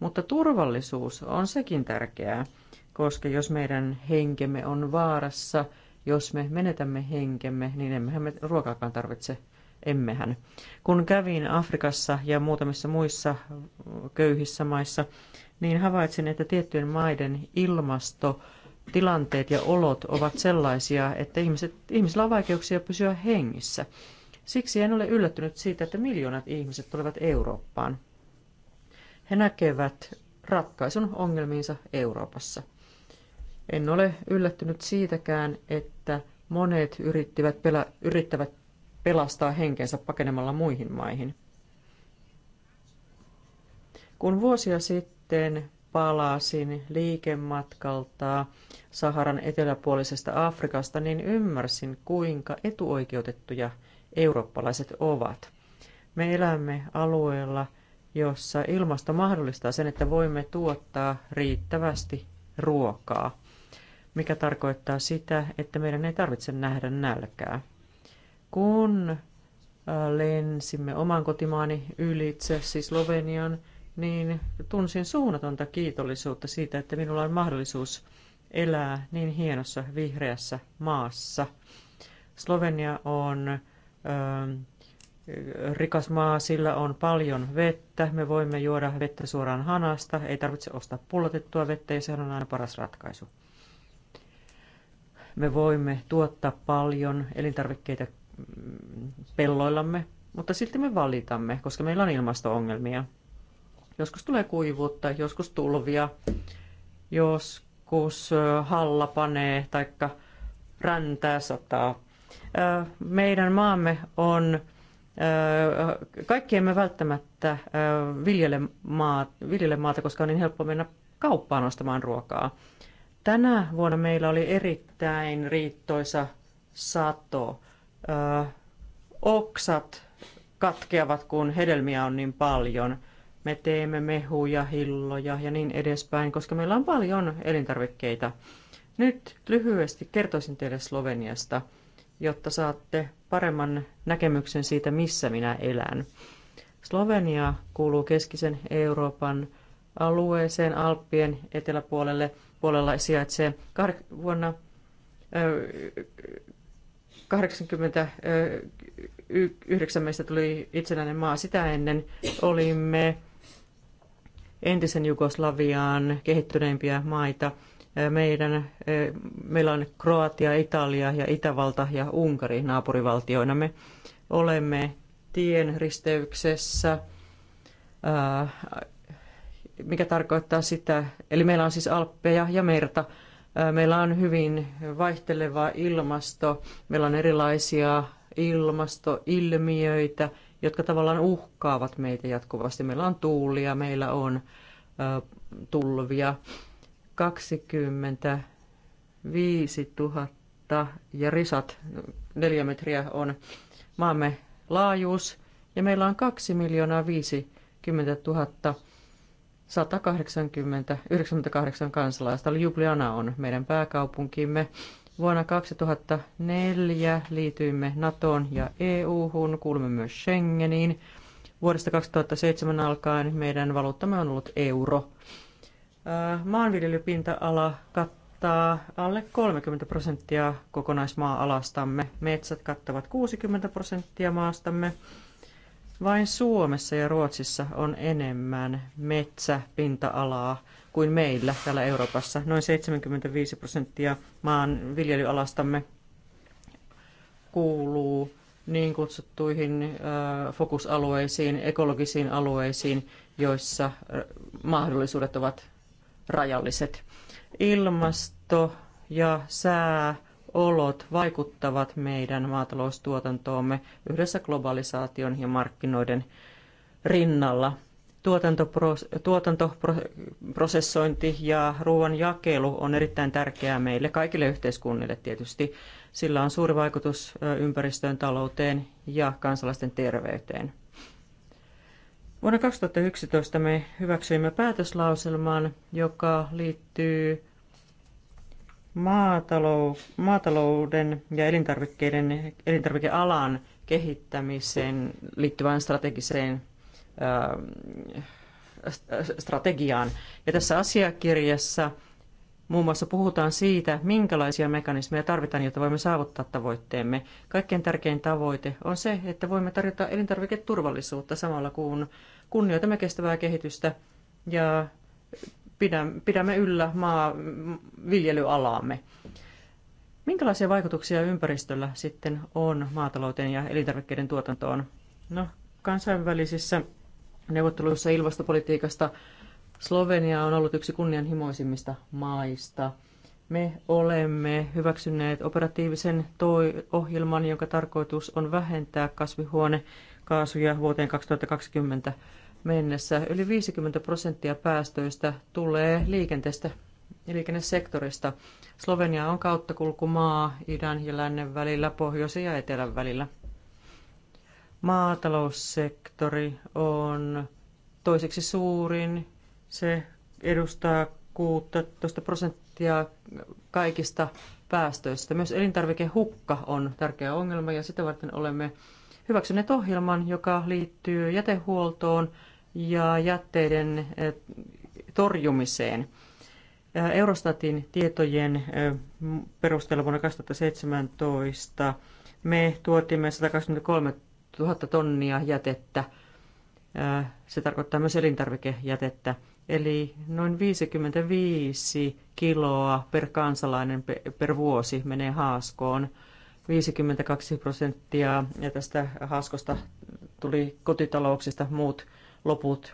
Mutta turvallisuus on sekin tärkeää, koska jos meidän henkemme on vaarassa, jos me menetämme henkemme, niin emmehän me ruokaakaan tarvitse emmehän. Kun kävin Afrikassa ja muutamissa muissa köyhissä maissa, niin havaitsin, että tiettyjen maiden ilmasto tilanteet ja olot ovat sellaisia, että ihmiset, ihmisillä on vaikeuksia pysyä hengissä. Siksi en ole yllättynyt siitä, että miljoonat ihmiset tulevat Eurooppaan. He näkevät ratkaisun ongelmiinsa Euroopassa. En ole yllättynyt siitäkään, että monet yrittivät pela- yrittävät pelastaa henkensä pakenemalla muihin maihin. Kun vuosia sitten palasin liikematkalta Saharan eteläpuolisesta Afrikasta, niin ymmärsin, kuinka etuoikeutettuja eurooppalaiset ovat. Me elämme alueella, jossa ilmasto mahdollistaa sen, että voimme tuottaa riittävästi ruokaa, mikä tarkoittaa sitä, että meidän ei tarvitse nähdä nälkää. Kun äh, lensimme oman kotimaani ylitse, siis Slovenian, niin tunsin suunnatonta kiitollisuutta siitä, että minulla on mahdollisuus elää niin hienossa vihreässä maassa. Slovenia on ö, ähm, rikas maa, sillä on paljon vettä. Me voimme juoda vettä suoraan hanasta, ei tarvitse ostaa pullotettua vettä ja sehän on aina paras ratkaisu. Me voimme tuottaa paljon elintarvikkeita pelloillamme, mutta silti me valitamme, koska meillä on ilmasto-ongelmia. Joskus tulee kuivuutta, joskus tulvia, joskus halla panee tai räntää sataa. Meidän maamme on, kaikki emme välttämättä viljele, maat, viljele maata, koska on niin helppo mennä kauppaan ostamaan ruokaa. Tänä vuonna meillä oli erittäin riittoisa sato oksat katkeavat, kun hedelmiä on niin paljon. Me teemme mehuja, hilloja ja niin edespäin, koska meillä on paljon elintarvikkeita. Nyt lyhyesti kertoisin teille Sloveniasta, jotta saatte paremman näkemyksen siitä, missä minä elän. Slovenia kuuluu keskisen Euroopan alueeseen Alppien eteläpuolelle puolella sijaitsee vuonna 89 meistä tuli itsenäinen maa. Sitä ennen olimme entisen Jugoslavian kehittyneimpiä maita. Meidän, meillä on Kroatia, Italia ja Itävalta ja Unkari me Olemme tien risteyksessä, mikä tarkoittaa sitä, eli meillä on siis Alppeja ja merta Meillä on hyvin vaihteleva ilmasto, meillä on erilaisia ilmastoilmiöitä, jotka tavallaan uhkaavat meitä jatkuvasti. Meillä on tuulia, meillä on tulvia. 25 000 ja risat, neljä metriä on maamme laajuus. Ja meillä on 2 miljoonaa 50 000 180, 98 kansalaista. Ljubljana on meidän pääkaupunkimme. Vuonna 2004 liityimme NATOon ja EU-hun, kuulumme myös Schengeniin. Vuodesta 2007 alkaen meidän valuuttamme on ollut euro. Äh, Maanviljelypinta-ala kattaa alle 30 prosenttia kokonaismaa-alastamme. Metsät kattavat 60 prosenttia maastamme. Vain Suomessa ja Ruotsissa on enemmän metsäpinta-alaa kuin meillä täällä Euroopassa. Noin 75 prosenttia maan viljelyalastamme kuuluu niin kutsuttuihin fokusalueisiin, ekologisiin alueisiin, joissa mahdollisuudet ovat rajalliset. Ilmasto ja sää olot vaikuttavat meidän maataloustuotantoomme yhdessä globalisaation ja markkinoiden rinnalla. Tuotantoprosessointi ja ruoan jakelu on erittäin tärkeää meille kaikille yhteiskunnille tietysti. Sillä on suuri vaikutus ympäristöön, talouteen ja kansalaisten terveyteen. Vuonna 2011 me hyväksyimme päätöslauselman, joka liittyy maatalou, maatalouden ja elintarvikkeiden, elintarvikealan kehittämiseen liittyvään strategiseen ähm, strategiaan. Ja tässä asiakirjassa muun muassa puhutaan siitä, minkälaisia mekanismeja tarvitaan, jotta voimme saavuttaa tavoitteemme. Kaikkein tärkein tavoite on se, että voimme tarjota elintarviketurvallisuutta samalla kuin kunnioitamme kestävää kehitystä ja pidämme yllä maa viljelyalaamme. Minkälaisia vaikutuksia ympäristöllä sitten on maatalouteen ja elintarvikkeiden tuotantoon? No, kansainvälisissä neuvotteluissa ilmastopolitiikasta Slovenia on ollut yksi kunnianhimoisimmista maista. Me olemme hyväksyneet operatiivisen toi ohjelman, jonka tarkoitus on vähentää kasvihuonekaasuja vuoteen 2020 mennessä yli 50 prosenttia päästöistä tulee liikenteestä liikennesektorista. Slovenia on kauttakulkumaa idän ja lännen välillä, pohjoisen ja etelän välillä. Maataloussektori on toiseksi suurin. Se edustaa 16 prosenttia kaikista päästöistä. Myös elintarvikehukka on tärkeä ongelma ja sitä varten olemme hyväksyneet ohjelman, joka liittyy jätehuoltoon ja jätteiden eh, torjumiseen. Eh, Eurostatin tietojen eh, perusteella vuonna 2017 me tuotimme 123 000 tonnia jätettä. Se tarkoittaa myös elintarvikejätettä, eli noin 55 kiloa per kansalainen per vuosi menee haaskoon. 52 prosenttia ja tästä haaskosta tuli kotitalouksista, muut loput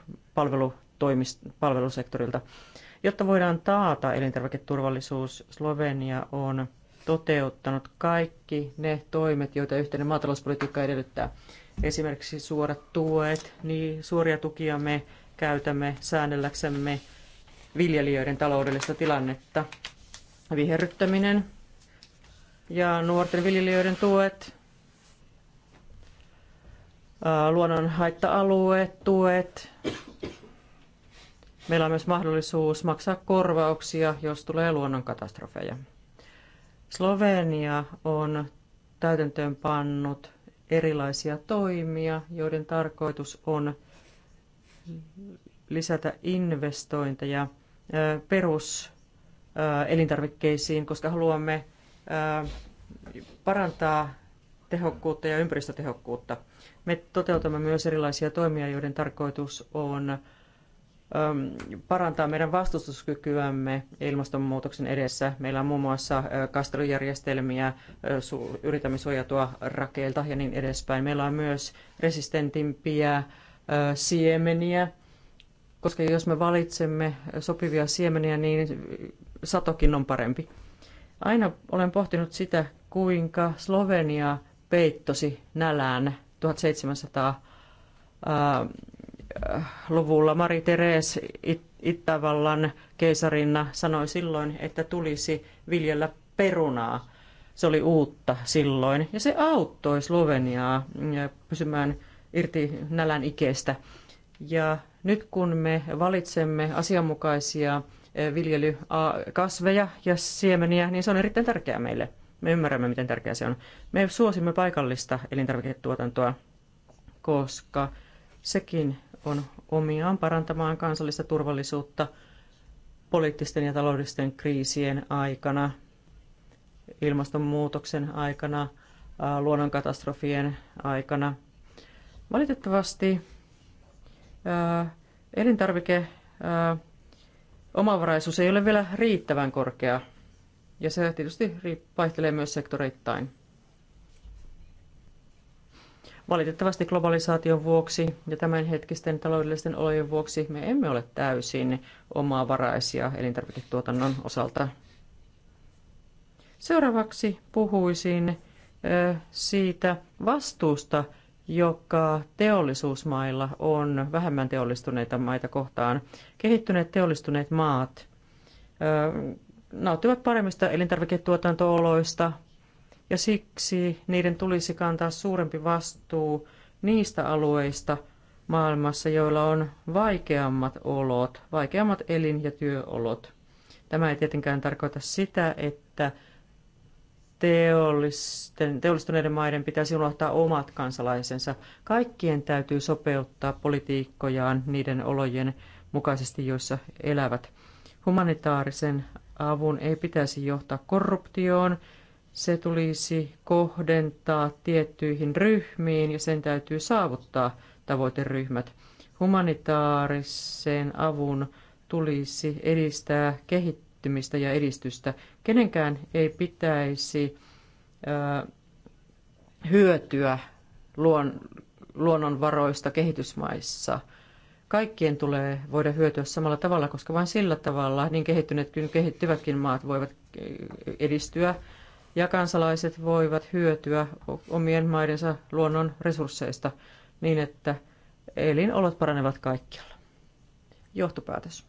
palvelusektorilta. Jotta voidaan taata elintarviketurvallisuus, Slovenia on toteuttanut kaikki ne toimet, joita yhteinen maatalouspolitiikka edellyttää. Esimerkiksi suorat tuet, niin suoria tukia me käytämme säännelläksemme viljelijöiden taloudellista tilannetta. Viherryttäminen ja nuorten viljelijöiden tuet luonnonhaitta-alueet, tuet. Meillä on myös mahdollisuus maksaa korvauksia, jos tulee luonnonkatastrofeja. Slovenia on täytäntöön pannut erilaisia toimia, joiden tarkoitus on lisätä investointeja peruselintarvikkeisiin, koska haluamme parantaa tehokkuutta ja ympäristötehokkuutta. Me toteutamme myös erilaisia toimia, joiden tarkoitus on ähm, parantaa meidän vastustuskykyämme ilmastonmuutoksen edessä. Meillä on muun muassa äh, kastelujärjestelmiä, äh, yritämme suojatua rakeilta ja niin edespäin. Meillä on myös resistentimpiä äh, siemeniä, koska jos me valitsemme sopivia siemeniä, niin satokin on parempi. Aina olen pohtinut sitä, kuinka Slovenia – peittosi nälään 1700-luvulla. Mari Therese Itävallan keisarinna sanoi silloin, että tulisi viljellä perunaa. Se oli uutta silloin ja se auttoi Sloveniaa pysymään irti nälän ikeestä. Ja nyt kun me valitsemme asianmukaisia viljelykasveja ja siemeniä, niin se on erittäin tärkeää meille. Me ymmärrämme, miten tärkeää se on. Me suosimme paikallista elintarviketuotantoa, koska sekin on omiaan parantamaan kansallista turvallisuutta poliittisten ja taloudellisten kriisien aikana, ilmastonmuutoksen aikana, luonnonkatastrofien aikana. Valitettavasti elintarvike omavaraisuus ei ole vielä riittävän korkea ja se tietysti vaihtelee myös sektoreittain. Valitettavasti globalisaation vuoksi ja tämänhetkisten taloudellisten olojen vuoksi me emme ole täysin omavaraisia elintarviketuotannon osalta. Seuraavaksi puhuisin siitä vastuusta, joka teollisuusmailla on vähemmän teollistuneita maita kohtaan. Kehittyneet teollistuneet maat nauttivat paremmista oloista ja siksi niiden tulisi kantaa suurempi vastuu niistä alueista maailmassa, joilla on vaikeammat olot, vaikeammat elin- ja työolot. Tämä ei tietenkään tarkoita sitä, että teollisten, teollistuneiden maiden pitäisi unohtaa omat kansalaisensa. Kaikkien täytyy sopeuttaa politiikkojaan niiden olojen mukaisesti, joissa elävät. Humanitaarisen avun ei pitäisi johtaa korruptioon, se tulisi kohdentaa tiettyihin ryhmiin ja sen täytyy saavuttaa tavoiteryhmät. Humanitaarisen avun tulisi edistää kehittymistä ja edistystä. Kenenkään ei pitäisi ö, hyötyä luon, luonnonvaroista kehitysmaissa – kaikkien tulee voida hyötyä samalla tavalla, koska vain sillä tavalla niin kehittyneet kuin kehittyvätkin maat voivat eh, edistyä ja kansalaiset voivat hyötyä omien maidensa luonnon resursseista niin, että elinolot paranevat kaikkialla. Johtopäätös.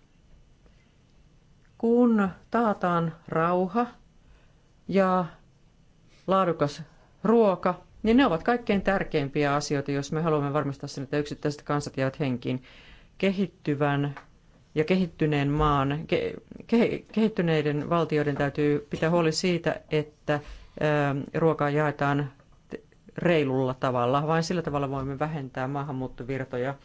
Kun taataan rauha ja laadukas ruoka, niin ne ovat kaikkein tärkeimpiä asioita, jos me haluamme varmistaa sen, että yksittäiset kansat jäävät henkiin kehittyvän ja kehittyneen maan, ke, ke, kehittyneiden valtioiden täytyy pitää huoli siitä, että ö, ähm, ruokaa jaetaan reilulla tavalla. Vain sillä tavalla voimme vähentää maahanmuuttovirtoja,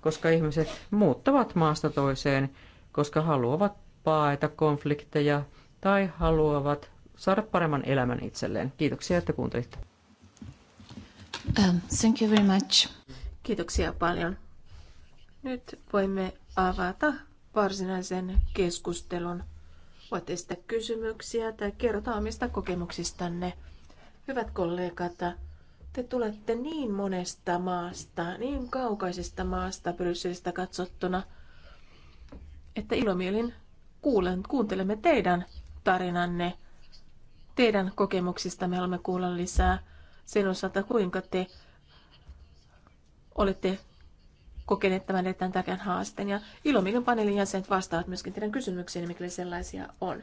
koska ihmiset muuttavat maasta toiseen, koska haluavat paeta konflikteja tai haluavat saada paremman elämän itselleen. Kiitoksia, että kuuntelitte. Um, thank you very much. Kiitoksia paljon. Nyt voimme avata varsinaisen keskustelun. Voitte esittää kysymyksiä tai kertoa omista kokemuksistanne. Hyvät kollegat, te tulette niin monesta maasta, niin kaukaisesta maasta Brysselistä katsottuna, että ilomielin kuulen, kuuntelemme teidän tarinanne. Teidän kokemuksista me haluamme kuulla lisää sen osalta, kuinka te olette kokeneet tämän erittäin tärkeän haasteen. Ja ilomielin paneelin jäsenet vastaavat myöskin teidän kysymyksiin, mikäli sellaisia on.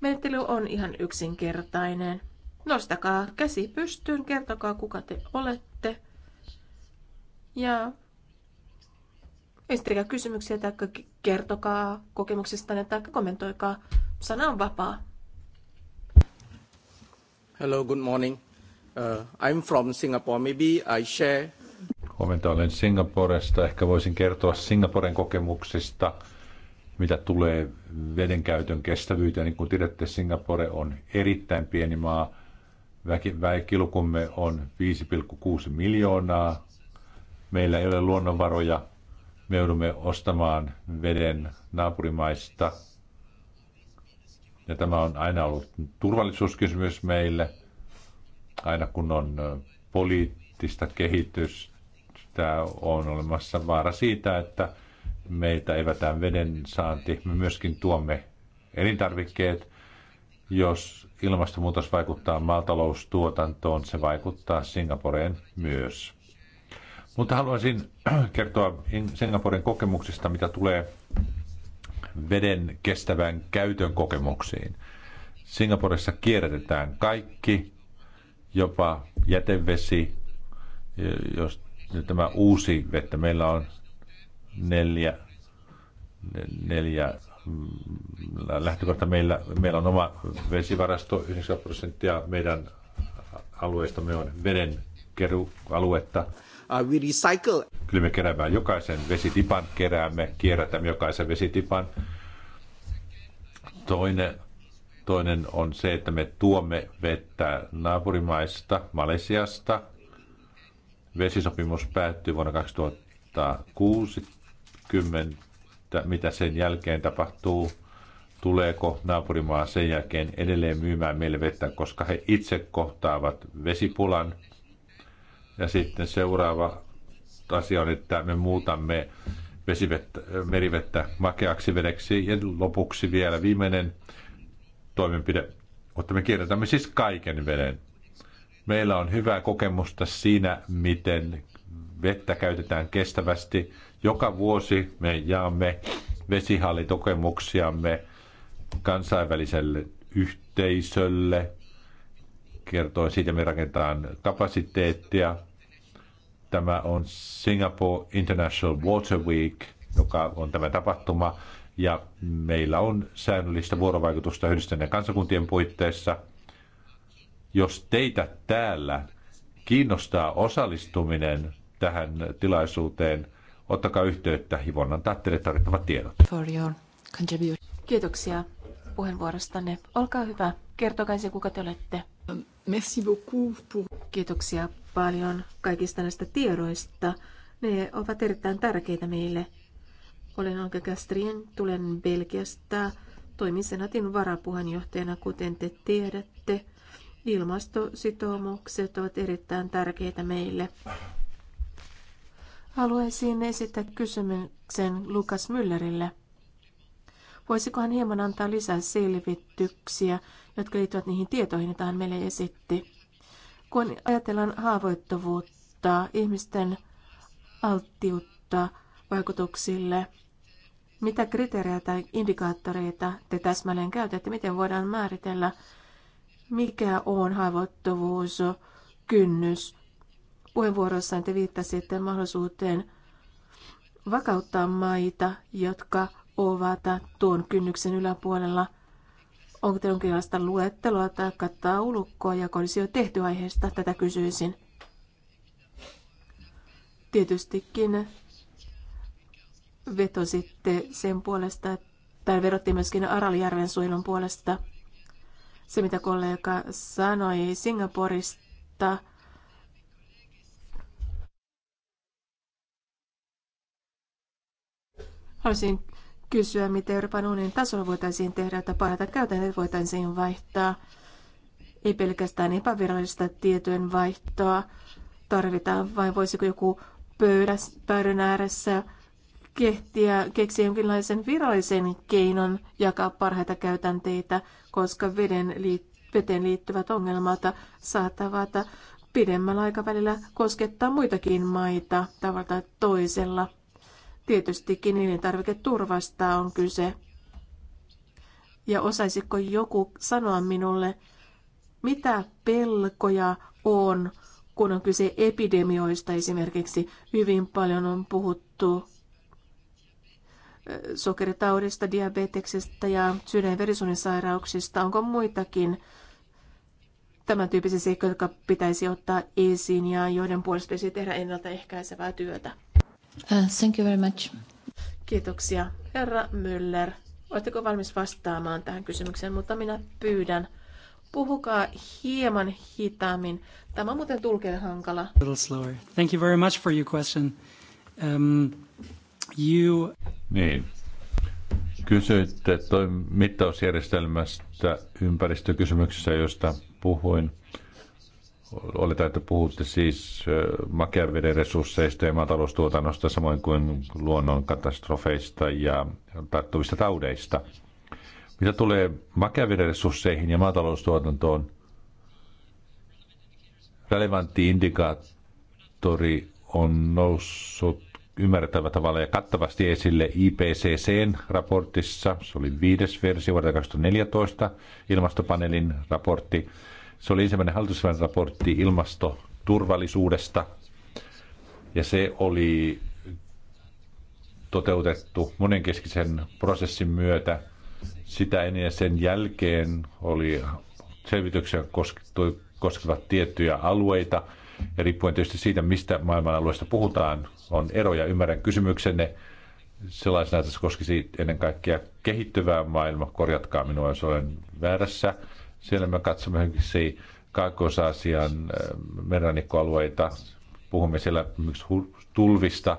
Menettely on ihan yksinkertainen. Nostakaa käsi pystyyn, kertokaa kuka te olette. Ja esittäkää kysymyksiä tai kertokaa kokemuksistanne tai kommentoikaa. Sana on vapaa. Hello, good morning. Uh, I'm from Singapore. Maybe I share Huomenta olen Singaporesta. Ehkä voisin kertoa Singaporen kokemuksista, mitä tulee vedenkäytön kestävyyteen. Niin kuin tiedätte, Singapore on erittäin pieni maa. Väkilukumme on 5,6 miljoonaa. Meillä ei ole luonnonvaroja. Me joudumme ostamaan veden naapurimaista. Ja tämä on aina ollut turvallisuuskysymys meille. Aina kun on poliittista kehitystä, että on olemassa vaara siitä, että meiltä evätään veden saanti. Me myöskin tuomme elintarvikkeet. Jos ilmastonmuutos vaikuttaa maataloustuotantoon, se vaikuttaa Singaporeen myös. Mutta haluaisin kertoa Singaporen kokemuksista, mitä tulee veden kestävän käytön kokemuksiin. Singaporessa kierrätetään kaikki, jopa jätevesi, jos nyt tämä uusi, vettä meillä on neljä, neljä mm, lähtökohta. Meillä, meillä on oma vesivarasto, 90 prosenttia meidän alueestamme on veden kerualuetta. Uh, we recycle. Kyllä me keräämme jokaisen vesitipan, keräämme, kierrätämme jokaisen vesitipan. Toinen, toinen on se, että me tuomme vettä naapurimaista, Malesiasta, vesisopimus päättyi vuonna 2060. Mitä sen jälkeen tapahtuu? Tuleeko naapurimaa sen jälkeen edelleen myymään meille vettä, koska he itse kohtaavat vesipulan? Ja sitten seuraava asia on, että me muutamme vesivettä, merivettä makeaksi vedeksi. Ja lopuksi vielä viimeinen toimenpide, mutta me kierrätämme siis kaiken veden. Meillä on hyvää kokemusta siinä, miten vettä käytetään kestävästi. Joka vuosi me jaamme vesihallitokemuksiamme kansainväliselle yhteisölle, kertoo siitä, me rakentaan kapasiteettia. Tämä on Singapore International Water Week, joka on tämä tapahtuma, ja meillä on säännöllistä vuorovaikutusta yhdistyneiden kansakuntien puitteissa – jos teitä täällä kiinnostaa osallistuminen tähän tilaisuuteen, ottakaa yhteyttä Hivonnan voin teille tarvittavat tiedot. For your Kiitoksia puheenvuorostanne. Olkaa hyvä. Kertokaa se, kuka te olette. Merci beaucoup pour... Kiitoksia paljon kaikista näistä tiedoista. Ne ovat erittäin tärkeitä meille. Olen Olga Gastrien, tulen Belgiasta, toimin senatin varapuheenjohtajana, kuten te tiedätte. Ilmastositoumukset ovat erittäin tärkeitä meille. Haluaisin esittää kysymyksen Lukas Müllerille. Voisiko hän hieman antaa lisää selvityksiä, jotka liittyvät niihin tietoihin, joita hän meille esitti? Kun ajatellaan haavoittuvuutta, ihmisten alttiutta vaikutuksille, mitä kriteerejä tai indikaattoreita te täsmälleen käytätte, miten voidaan määritellä mikä on haavoittuvuus, kynnys. Puheenvuorossaan te viittasitte mahdollisuuteen vakauttaa maita, jotka ovat tuon kynnyksen yläpuolella. Onko teillä jonkinlaista luetteloa tai taulukkoa, joka olisi jo tehty aiheesta? Tätä kysyisin. Tietystikin vetositte sen puolesta, tai vedottiin myöskin Araljärven suojelun puolesta – se, mitä kollega sanoi Singaporista, Haluaisin kysyä, mitä Euroopan unionin tasolla voitaisiin tehdä, että parhaita käytännöt voitaisiin vaihtaa. Ei pelkästään epävirallista tietojen vaihtoa tarvitaan, vai voisiko joku pöydä, pöydän ääressä kehtiä, keksiä jonkinlaisen virallisen keinon jakaa parhaita käytänteitä, koska veden liit veteen liittyvät ongelmat saattavat pidemmällä aikavälillä koskettaa muitakin maita tavalla tai toisella. Tietystikin elintarviketurvasta on kyse. Ja osaisiko joku sanoa minulle, mitä pelkoja on, kun on kyse epidemioista esimerkiksi? Hyvin paljon on puhuttu sokeritaudista, diabeteksestä ja sydän- ja Onko muitakin tämän tyyppisiä seikkoja, jotka pitäisi ottaa esiin ja joiden puolesta pitäisi tehdä ennaltaehkäisevää työtä? Uh, thank you very much. Kiitoksia. Herra Müller, oletteko valmis vastaamaan tähän kysymykseen, mutta minä pyydän puhukaa hieman hitaammin. Tämä on muuten tulkeen hankala. Little slower. Thank you very much for your question. Um, You... Niin. Kysyitte toi mittausjärjestelmästä ympäristökysymyksessä, josta puhuin. Oletan, että puhutte siis makeaveden resursseista ja maataloustuotannosta, samoin kuin luonnon katastrofeista ja tarttuvista taudeista. Mitä tulee makeaveden resursseihin ja maataloustuotantoon, relevantti indikaattori on noussut ymmärrettävällä tavalla ja kattavasti esille IPCCn raportissa. Se oli viides versio vuodelta 2014 ilmastopaneelin raportti. Se oli ensimmäinen hallitusvälinen raportti ilmastoturvallisuudesta. Ja se oli toteutettu monenkeskisen prosessin myötä. Sitä ennen ja sen jälkeen oli selvityksiä koskevat tiettyjä alueita – ja riippuen tietysti siitä, mistä maailmanalueesta puhutaan, on eroja. Ymmärrän kysymyksenne sellaisena, että se koskisi ennen kaikkea kehittyvää maailmaa. Korjatkaa minua, jos olen väärässä. Siellä me katsomme esimerkiksi Kaakkois-Aasian eh, merenrannikkoalueita. Puhumme siellä esimerkiksi tulvista,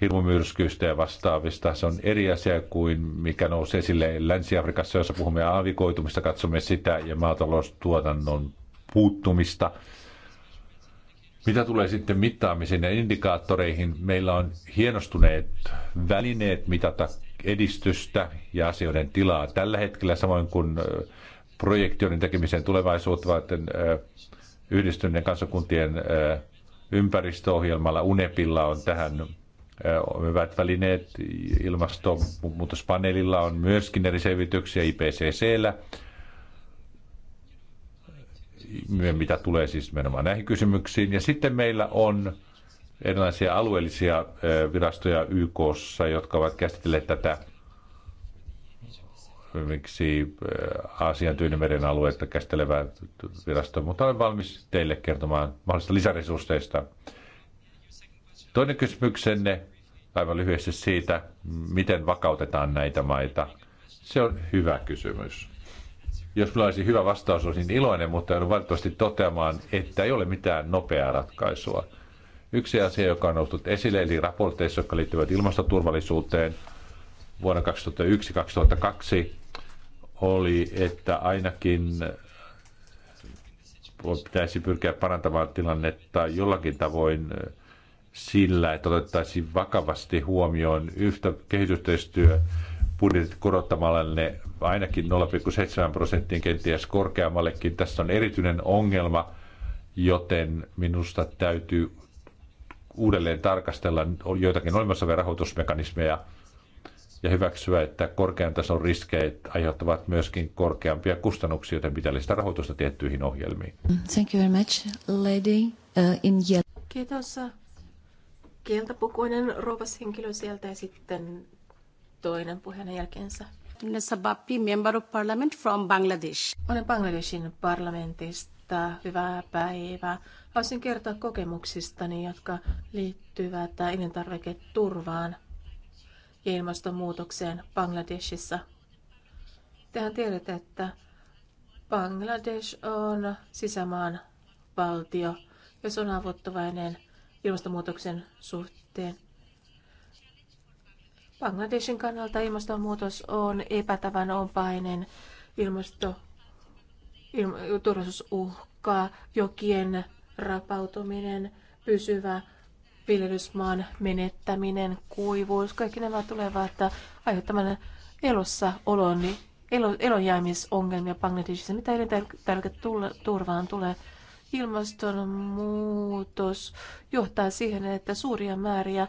hirmumyrskyistä ja vastaavista. Se on eri asia kuin mikä nousi esille Länsi-Afrikassa, jossa puhumme aavikoitumista, katsomme sitä ja maataloustuotannon puuttumista. Mitä tulee sitten mittaamisiin ja indikaattoreihin, meillä on hienostuneet välineet mitata edistystä ja asioiden tilaa tällä hetkellä, samoin kuin projektioiden tekemiseen tulevaisuutta varten yhdistyneiden kansakuntien ympäristöohjelmalla UNEPilla on tähän hyvät välineet. Ilmastonmuutospaneelilla on myöskin eri selvityksiä IPCCllä mitä tulee siis menemään näihin kysymyksiin. Ja sitten meillä on erilaisia alueellisia virastoja YKssa, jotka ovat käsitelleet tätä miksi Aasian tyynimeren aluetta käsittelevää virasto, mutta olen valmis teille kertomaan mahdollisista lisäresursseista. Toinen kysymyksenne aivan lyhyesti siitä, miten vakautetaan näitä maita. Se on hyvä kysymys. Jos minulla olisi hyvä vastaus, olisin iloinen, mutta joudun valitettavasti toteamaan, että ei ole mitään nopeaa ratkaisua. Yksi asia, joka on noussut esille, eli raporteissa, jotka liittyvät ilmastoturvallisuuteen vuonna 2001-2002, oli, että ainakin pitäisi pyrkiä parantamaan tilannetta jollakin tavoin sillä, että otettaisiin vakavasti huomioon yhtä kehitysyhteistyö budjetit korottamalla ne ainakin 0,7 prosenttiin, kenties korkeammallekin. Tässä on erityinen ongelma, joten minusta täytyy uudelleen tarkastella joitakin olemassa olevia rahoitusmekanismeja ja hyväksyä, että korkean tason riskeet aiheuttavat myöskin korkeampia kustannuksia, joten pitää lisätä rahoitusta tiettyihin ohjelmiin. Thank you very much, lady uh, in yellow. Kiitos. Kieltäpukuinen rouvashenkilö sieltä ja sitten toinen puheen jälkeensä. Sabappi, Member of Parliament from Bangladesh. Olen Bangladeshin parlamentista. Hyvää päivää. Haluaisin kertoa kokemuksistani, jotka liittyvät elintarviketurvaan ja ilmastonmuutokseen Bangladeshissa. Tehän tiedätte, että Bangladesh on sisämaan valtio, jos on avuttavainen ilmastonmuutoksen suhteen. Bangladeshin kannalta ilmastonmuutos on epätavanomainen ilmasto ilma, turvallisuusuhka, jokien rapautuminen, pysyvä viljelysmaan menettäminen, kuivuus, kaikki nämä tulevat aiheuttamaan elossa olon, elo, elonjäämisongelmia Bangladesissa. Mitä turvaan tulee? Ilmastonmuutos johtaa siihen, että suuria määriä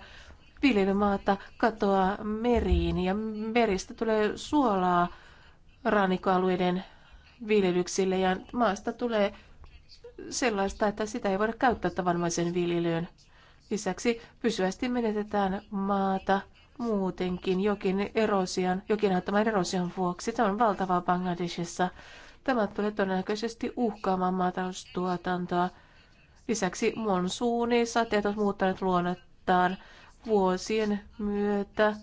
viljelymaata katoaa meriin ja meristä tulee suolaa rannikkoalueiden viljelyksille ja maasta tulee sellaista, että sitä ei voida käyttää tavanomaisen viljelyyn. Lisäksi pysyvästi menetetään maata muutenkin jokin erosian, jokin aiheuttaman erosion vuoksi. Tämä on valtavaa Bangladesissa. Tämä tulee todennäköisesti uhkaamaan maataloustuotantoa. Lisäksi monsuuni, sateet ovat muuttaneet luonnettaan vuosien myötä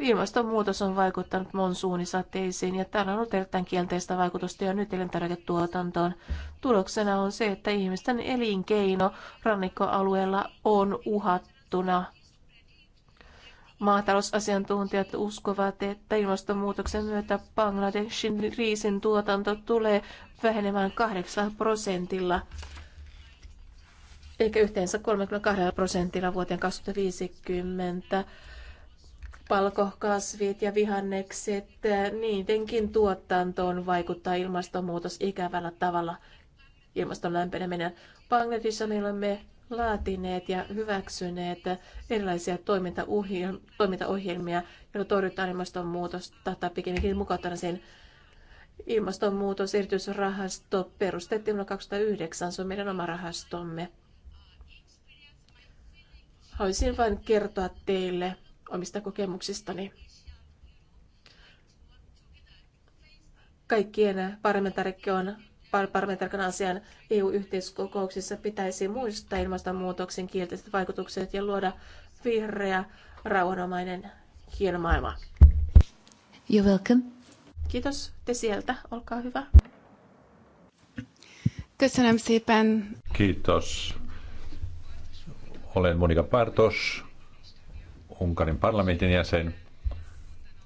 ilmastonmuutos on vaikuttanut monsuunisateisiin ja täällä on ollut erittäin kielteistä vaikutusta jo nyt elintarviketuotantoon. Tuloksena on se, että ihmisten elinkeino rannikkoalueella on uhattuna. Maatalousasiantuntijat uskovat, että ilmastonmuutoksen myötä Bangladeshin riisin tuotanto tulee vähenemään 8 prosentilla eikä yhteensä 32 prosentilla vuoteen 2050 palkokasvit ja vihannekset, niidenkin tuotantoon vaikuttaa ilmastonmuutos ikävällä tavalla. Ilmaston lämpeneminen. Bangladesissa me laatineet ja hyväksyneet erilaisia toimintaohjelmia, joilla torjutaan ilmastonmuutosta tai pikemminkin mukauttaa sen ilmastonmuutos erityisrahasto perustettiin vuonna 2009. Se on meidän oma rahastomme. Haluaisin vain kertoa teille omista kokemuksistani. Kaikkien parlamentaarikkojen parlamentaarikon asian EU-yhteiskokouksissa pitäisi muistaa ilmastonmuutoksen kielteiset vaikutukset ja luoda vihreä, rauhanomainen, hieno maailma. You're welcome. Kiitos. Te sieltä. Olkaa hyvä. Köszönöm szépen. Kiitos. Olen Monika Partos, Unkarin parlamentin jäsen,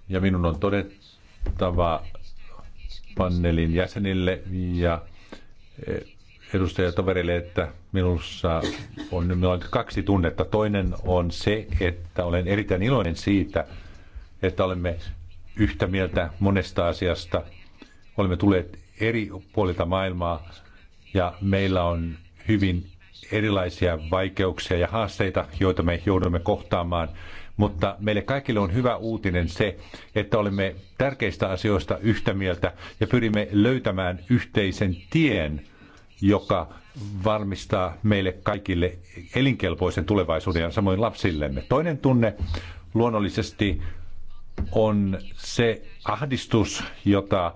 ja minun on todettava paneelin jäsenille ja e, edustajatovereille, että minussa on, nyt kaksi tunnetta. Toinen on se, että olen erittäin iloinen siitä, että olemme yhtä mieltä monesta asiasta. Olemme tulleet eri puolilta maailmaa ja meillä on hyvin erilaisia vaikeuksia ja haasteita, joita me joudumme kohtaamaan. Mutta meille kaikille on hyvä uutinen se, että olemme tärkeistä asioista yhtä mieltä ja pyrimme löytämään yhteisen tien, joka varmistaa meille kaikille elinkelpoisen tulevaisuuden ja samoin lapsillemme. Toinen tunne luonnollisesti on se ahdistus, jota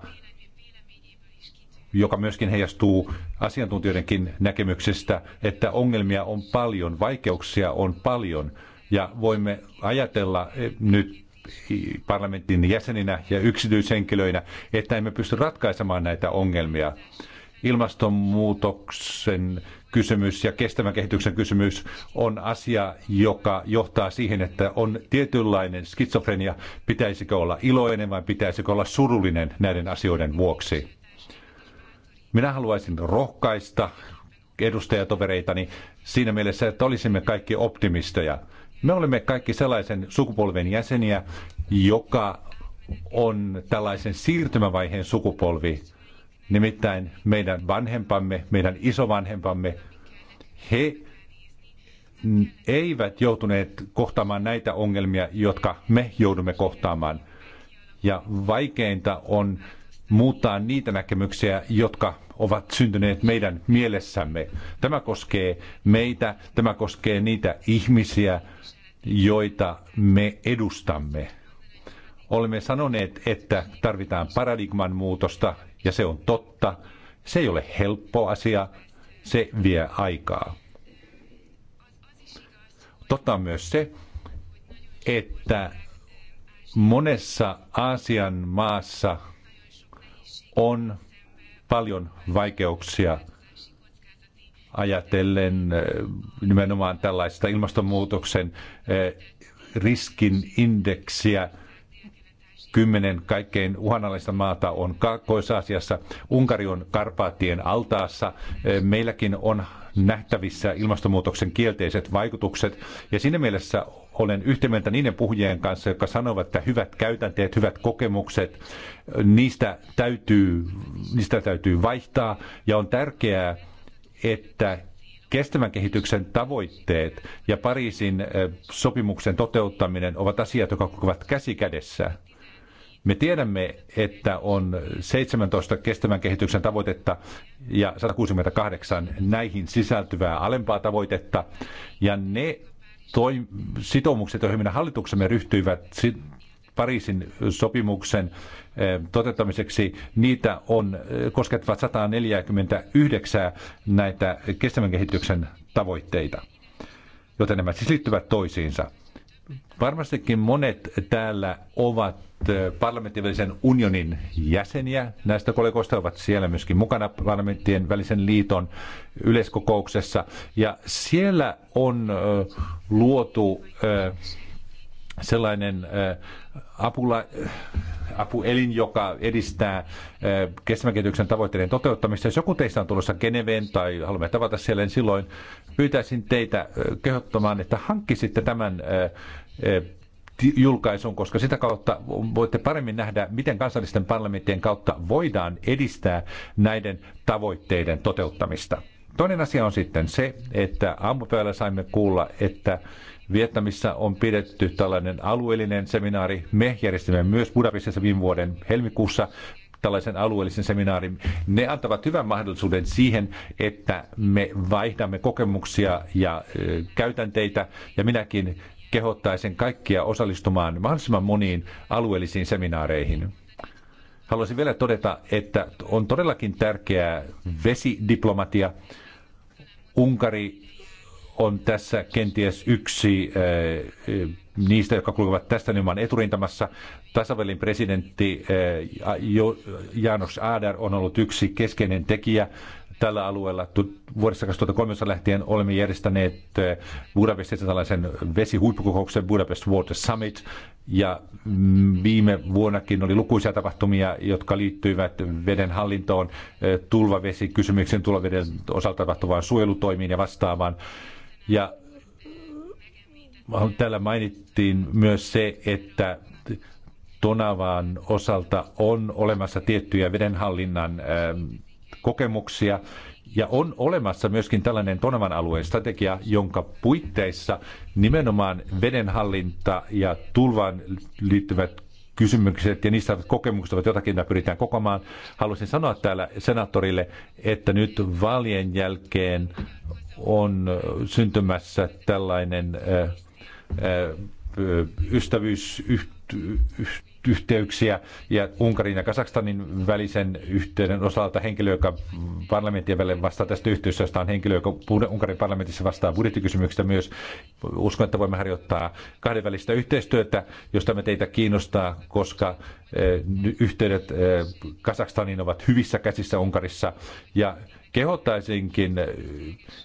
joka myöskin heijastuu asiantuntijoidenkin näkemyksestä, että ongelmia on paljon, vaikeuksia on paljon. Ja voimme ajatella eh, nyt parlamentin jäseninä ja yksityishenkilöinä, että emme pysty ratkaisemaan näitä ongelmia. Ilmastonmuutoksen kysymys ja kestävän kehityksen kysymys on asia, joka johtaa siihen, että on tietynlainen skitsofrenia. Pitäisikö olla iloinen vai pitäisikö olla surullinen näiden asioiden vuoksi? Minä haluaisin rohkaista edustajatovereitani siinä mielessä, että olisimme kaikki optimisteja. Me olemme kaikki sellaisen sukupolven jäseniä, joka on tällaisen siirtymävaiheen sukupolvi. Nimittäin meidän vanhempamme, meidän isovanhempamme, he eivät joutuneet kohtaamaan näitä ongelmia, jotka me joudumme kohtaamaan. Ja vaikeinta on muuttaa niitä näkemyksiä, jotka ovat syntyneet meidän mielessämme. Tämä koskee meitä, tämä koskee niitä ihmisiä, joita me edustamme. Olemme sanoneet, että tarvitaan paradigman muutosta, ja se on totta. Se ei ole helppo asia, se vie aikaa. Totta on myös se, että monessa Aasian maassa – on paljon vaikeuksia ajatellen eh, nimenomaan tällaista ilmastonmuutoksen eh, riskin indeksiä. Kymmenen kaikkein uhanalaista maata on Kaakkois-Aasiassa. Unkari on Karpaattien altaassa. Eh, meilläkin on nähtävissä ilmastonmuutoksen kielteiset vaikutukset. Ja siinä mielessä olen yhtä mieltä niiden puhujien kanssa, jotka sanovat, että hyvät käytänteet, hyvät kokemukset, niistä täytyy, niistä täytyy vaihtaa ja on tärkeää, että kestävän kehityksen tavoitteet ja Pariisin eh, sopimuksen toteuttaminen ovat asiat, jotka kulkevat käsi kädessä. Me tiedämme, että on 17 kestävän kehityksen tavoitetta ja 168 näihin sisältyvää alempaa tavoitetta, ja ne toi, sitoumukset, joihin meidän hallituksemme ryhtyivät Pariisin sopimuksen eh, toteuttamiseksi, niitä on eh, koskettavat 149 näitä kestävän kehityksen tavoitteita. Joten nämä siis liittyvät toisiinsa. Varmastikin monet täällä ovat parlamentin välisen unionin jäseniä. Näistä kollegoista ovat siellä myöskin mukana parlamenttien välisen liiton yleiskokouksessa. Ja siellä on luotu sellainen apula, apuelin, joka edistää kestävän kehityksen tavoitteiden toteuttamista. Jos joku teistä on tulossa Geneveen tai haluamme tavata siellä, niin silloin pyytäisin teitä kehottamaan, että hankkisitte tämän Eh, julkaisun, koska sitä kautta voitte paremmin nähdä, miten kansallisten parlamenttien kautta voidaan edistää näiden tavoitteiden toteuttamista. Toinen asia on sitten se, että aamupäivällä saimme kuulla, että Vietnamissa on pidetty tällainen alueellinen seminaari. Me järjestimme myös Budapestissa viime vuoden helmikuussa tällaisen alueellisen seminaarin. Ne antavat hyvän mahdollisuuden siihen, että me vaihdamme kokemuksia ja käytänteitä. Ja minäkin kehottaisin kaikkia osallistumaan mahdollisimman moniin alueellisiin seminaareihin. Haluaisin vielä todeta, että on todellakin tärkeää vesidiplomatia. Unkari on tässä kenties yksi eh, niistä, jotka kulkevat tästä nimenomaan eturintamassa. Tasavallin presidentti eh, Janos Aadar on ollut yksi keskeinen tekijä tällä alueella. vuodessa 2013 lähtien olemme järjestäneet eh, Budapestissa tällaisen vesihuippukokouksen Budapest Water Summit. Ja mm, viime vuonnakin oli lukuisia tapahtumia, jotka liittyivät veden hallintoon, eh, tulvavesikysymyksen tulvaveden osalta tapahtuvaan suojelutoimiin ja vastaavaan. Ja eh, täällä mainittiin myös se, että Tonavaan osalta on olemassa tiettyjä vedenhallinnan kokemuksia. Ja on olemassa myöskin tällainen Tonavan alueen strategia, jonka puitteissa nimenomaan vedenhallinta ja tulvaan liittyvät kysymykset ja niistä kokemukset ovat jotakin, mitä pyritään kokomaan. Haluaisin sanoa täällä senaattorille, että nyt vaalien jälkeen on syntymässä tällainen äh, äh, ystävyys, yht, yht, yhteyksiä ja Unkarin ja Kasakstanin välisen yhteyden osalta henkilö, joka parlamenttien välillä vastaa tästä yhteistyöstä, on henkilö, joka Unkarin parlamentissa vastaa budjettikysymyksistä myös. Uskon, että voimme harjoittaa kahdenvälistä yhteistyötä, josta me teitä kiinnostaa, koska eh, yhteydet eh, Kasakstaniin ovat hyvissä käsissä Unkarissa ja kehottaisinkin eh,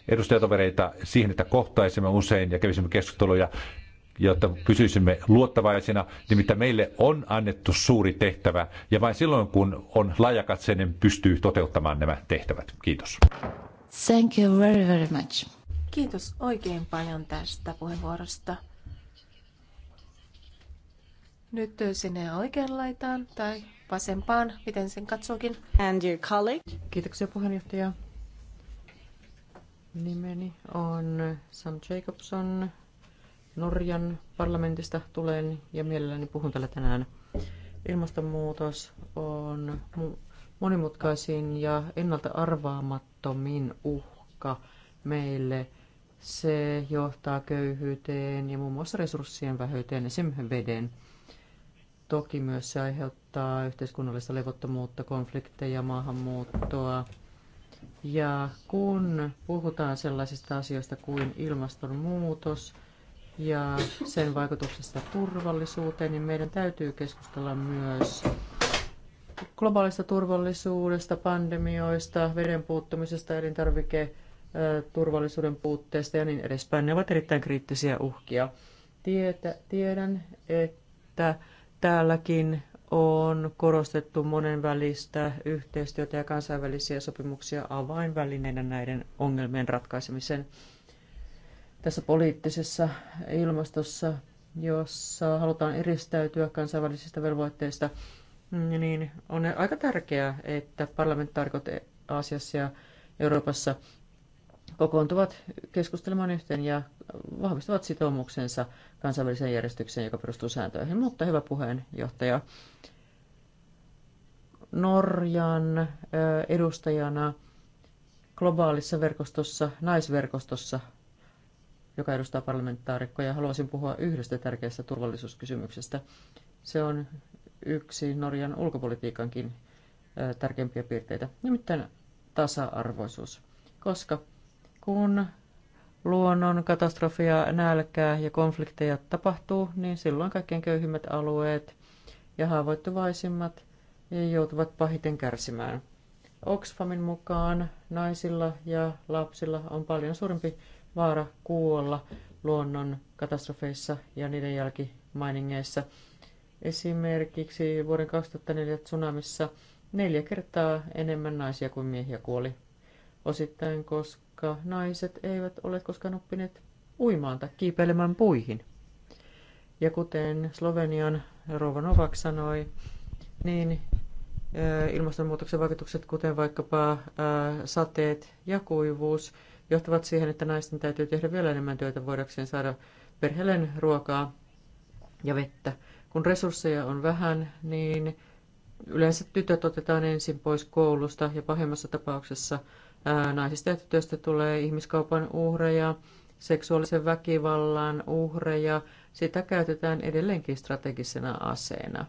edustajatovereita siihen, että kohtaisimme usein ja kävisimme keskusteluja jotta pysyisimme luottavaisina. Nimittäin meille on annettu suuri tehtävä, ja vain silloin, kun on laajakatseinen, pystyy toteuttamaan nämä tehtävät. Kiitos. Thank you very, very much. Kiitos oikein paljon tästä puheenvuorosta. Nyt sinne oikean laitaan tai vasempaan, miten sen katsokin. And your colleague. Kiitoksia puheenjohtaja. Nimeni on Sam Jacobson. Norjan parlamentista tulen ja mielelläni puhun täällä tänään. Ilmastonmuutos on monimutkaisin ja ennalta arvaamattomin uhka meille. Se johtaa köyhyyteen ja muun muassa resurssien vähyyteen, esimerkiksi veden. Toki myös se aiheuttaa yhteiskunnallista levottomuutta, konflikteja, maahanmuuttoa. Ja kun puhutaan sellaisista asioista kuin ilmastonmuutos, ja sen vaikutuksesta turvallisuuteen, niin meidän täytyy keskustella myös globaalista turvallisuudesta, pandemioista, veden puuttumisesta, elintarviketurvallisuuden puutteesta ja niin edespäin. Ne ovat erittäin kriittisiä uhkia. Tietä, tiedän, että täälläkin on korostettu monenvälistä yhteistyötä ja kansainvälisiä sopimuksia avainvälineenä näiden ongelmien ratkaisemiseen tässä poliittisessa ilmastossa, jossa halutaan eristäytyä kansainvälisistä velvoitteista, niin on aika tärkeää, että parlamentaarikot Aasiassa ja Euroopassa kokoontuvat keskustelemaan yhteen ja vahvistavat sitoumuksensa kansainväliseen järjestykseen, joka perustuu sääntöihin. Mutta hyvä puheenjohtaja, Norjan edustajana globaalissa verkostossa, naisverkostossa joka edustaa parlamentaarikkoja. Haluaisin puhua yhdestä tärkeästä turvallisuuskysymyksestä. Se on yksi Norjan ulkopolitiikankin tärkeimpiä piirteitä, nimittäin tasa-arvoisuus. Koska kun luonnon katastrofia, nälkää ja konflikteja tapahtuu, niin silloin kaikkein köyhimmät alueet ja haavoittuvaisimmat joutuvat pahiten kärsimään. Oxfamin mukaan naisilla ja lapsilla on paljon suurempi vaara kuolla luonnon katastrofeissa ja niiden jälkimainingeissa. Esimerkiksi vuoden 2004 tsunamissa neljä kertaa enemmän naisia kuin miehiä kuoli. Osittain, koska naiset eivät ole koskaan oppineet uimaan tai kiipeilemään puihin. Ja kuten Slovenian Rova Novak sanoi, niin ilmastonmuutoksen vaikutukset, kuten vaikkapa sateet ja kuivuus, johtavat siihen, että naisten täytyy tehdä vielä enemmän työtä voidakseen saada perheelleen ruokaa ja vettä. Kun resursseja on vähän, niin yleensä tytöt otetaan ensin pois koulusta ja pahimmassa tapauksessa ää, naisista ja tytöistä tulee ihmiskaupan uhreja, seksuaalisen väkivallan uhreja. Sitä käytetään edelleenkin strategisena aseena.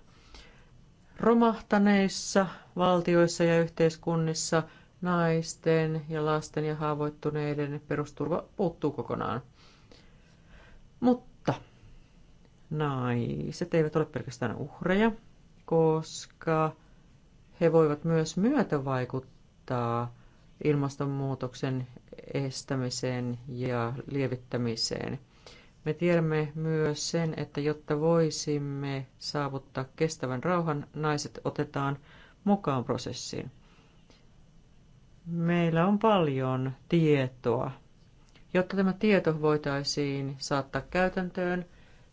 Romahtaneissa valtioissa ja yhteiskunnissa naisten ja lasten ja haavoittuneiden perusturva puuttuu kokonaan. Mutta naiset eivät ole pelkästään uhreja, koska he voivat myös myötävaikuttaa ilmastonmuutoksen estämiseen ja lievittämiseen. Me tiedämme myös sen, että jotta voisimme saavuttaa kestävän rauhan, naiset otetaan mukaan prosessiin. Meillä on paljon tietoa. Jotta tämä tieto voitaisiin saattaa käytäntöön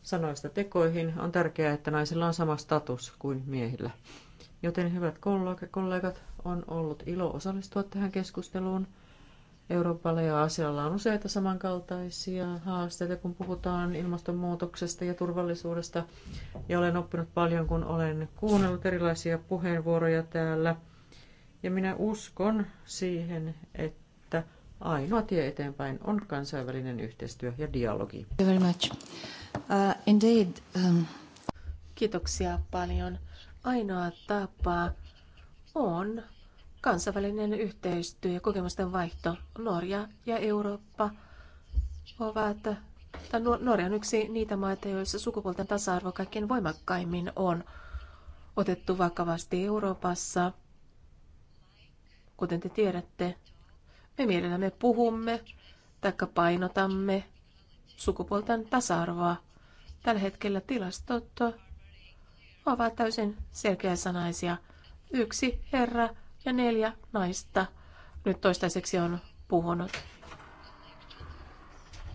sanoista tekoihin, on tärkeää, että naisilla on sama status kuin miehillä. Joten hyvät kollegat, on ollut ilo osallistua tähän keskusteluun. Euroopalla ja Aasialla on useita samankaltaisia haasteita, kun puhutaan ilmastonmuutoksesta ja turvallisuudesta. Ja olen oppinut paljon, kun olen kuunnellut erilaisia puheenvuoroja täällä. Ja minä uskon siihen, että ainoa tie eteenpäin on kansainvälinen yhteistyö ja dialogi. Very much. Uh, indeed, um... Kiitoksia paljon. Ainoa tapa on kansainvälinen yhteistyö ja kokemusten vaihto. Norja ja Eurooppa ovat, tai Norja on yksi niitä maita, joissa sukupuolten tasa-arvo kaikkein voimakkaimmin on otettu vakavasti Euroopassa – Kuten te tiedätte, me mielellämme puhumme tai painotamme sukupuolten tasa-arvoa. Tällä hetkellä tilastot ovat täysin selkeäsanaisia. Yksi herra ja neljä naista nyt toistaiseksi on puhunut.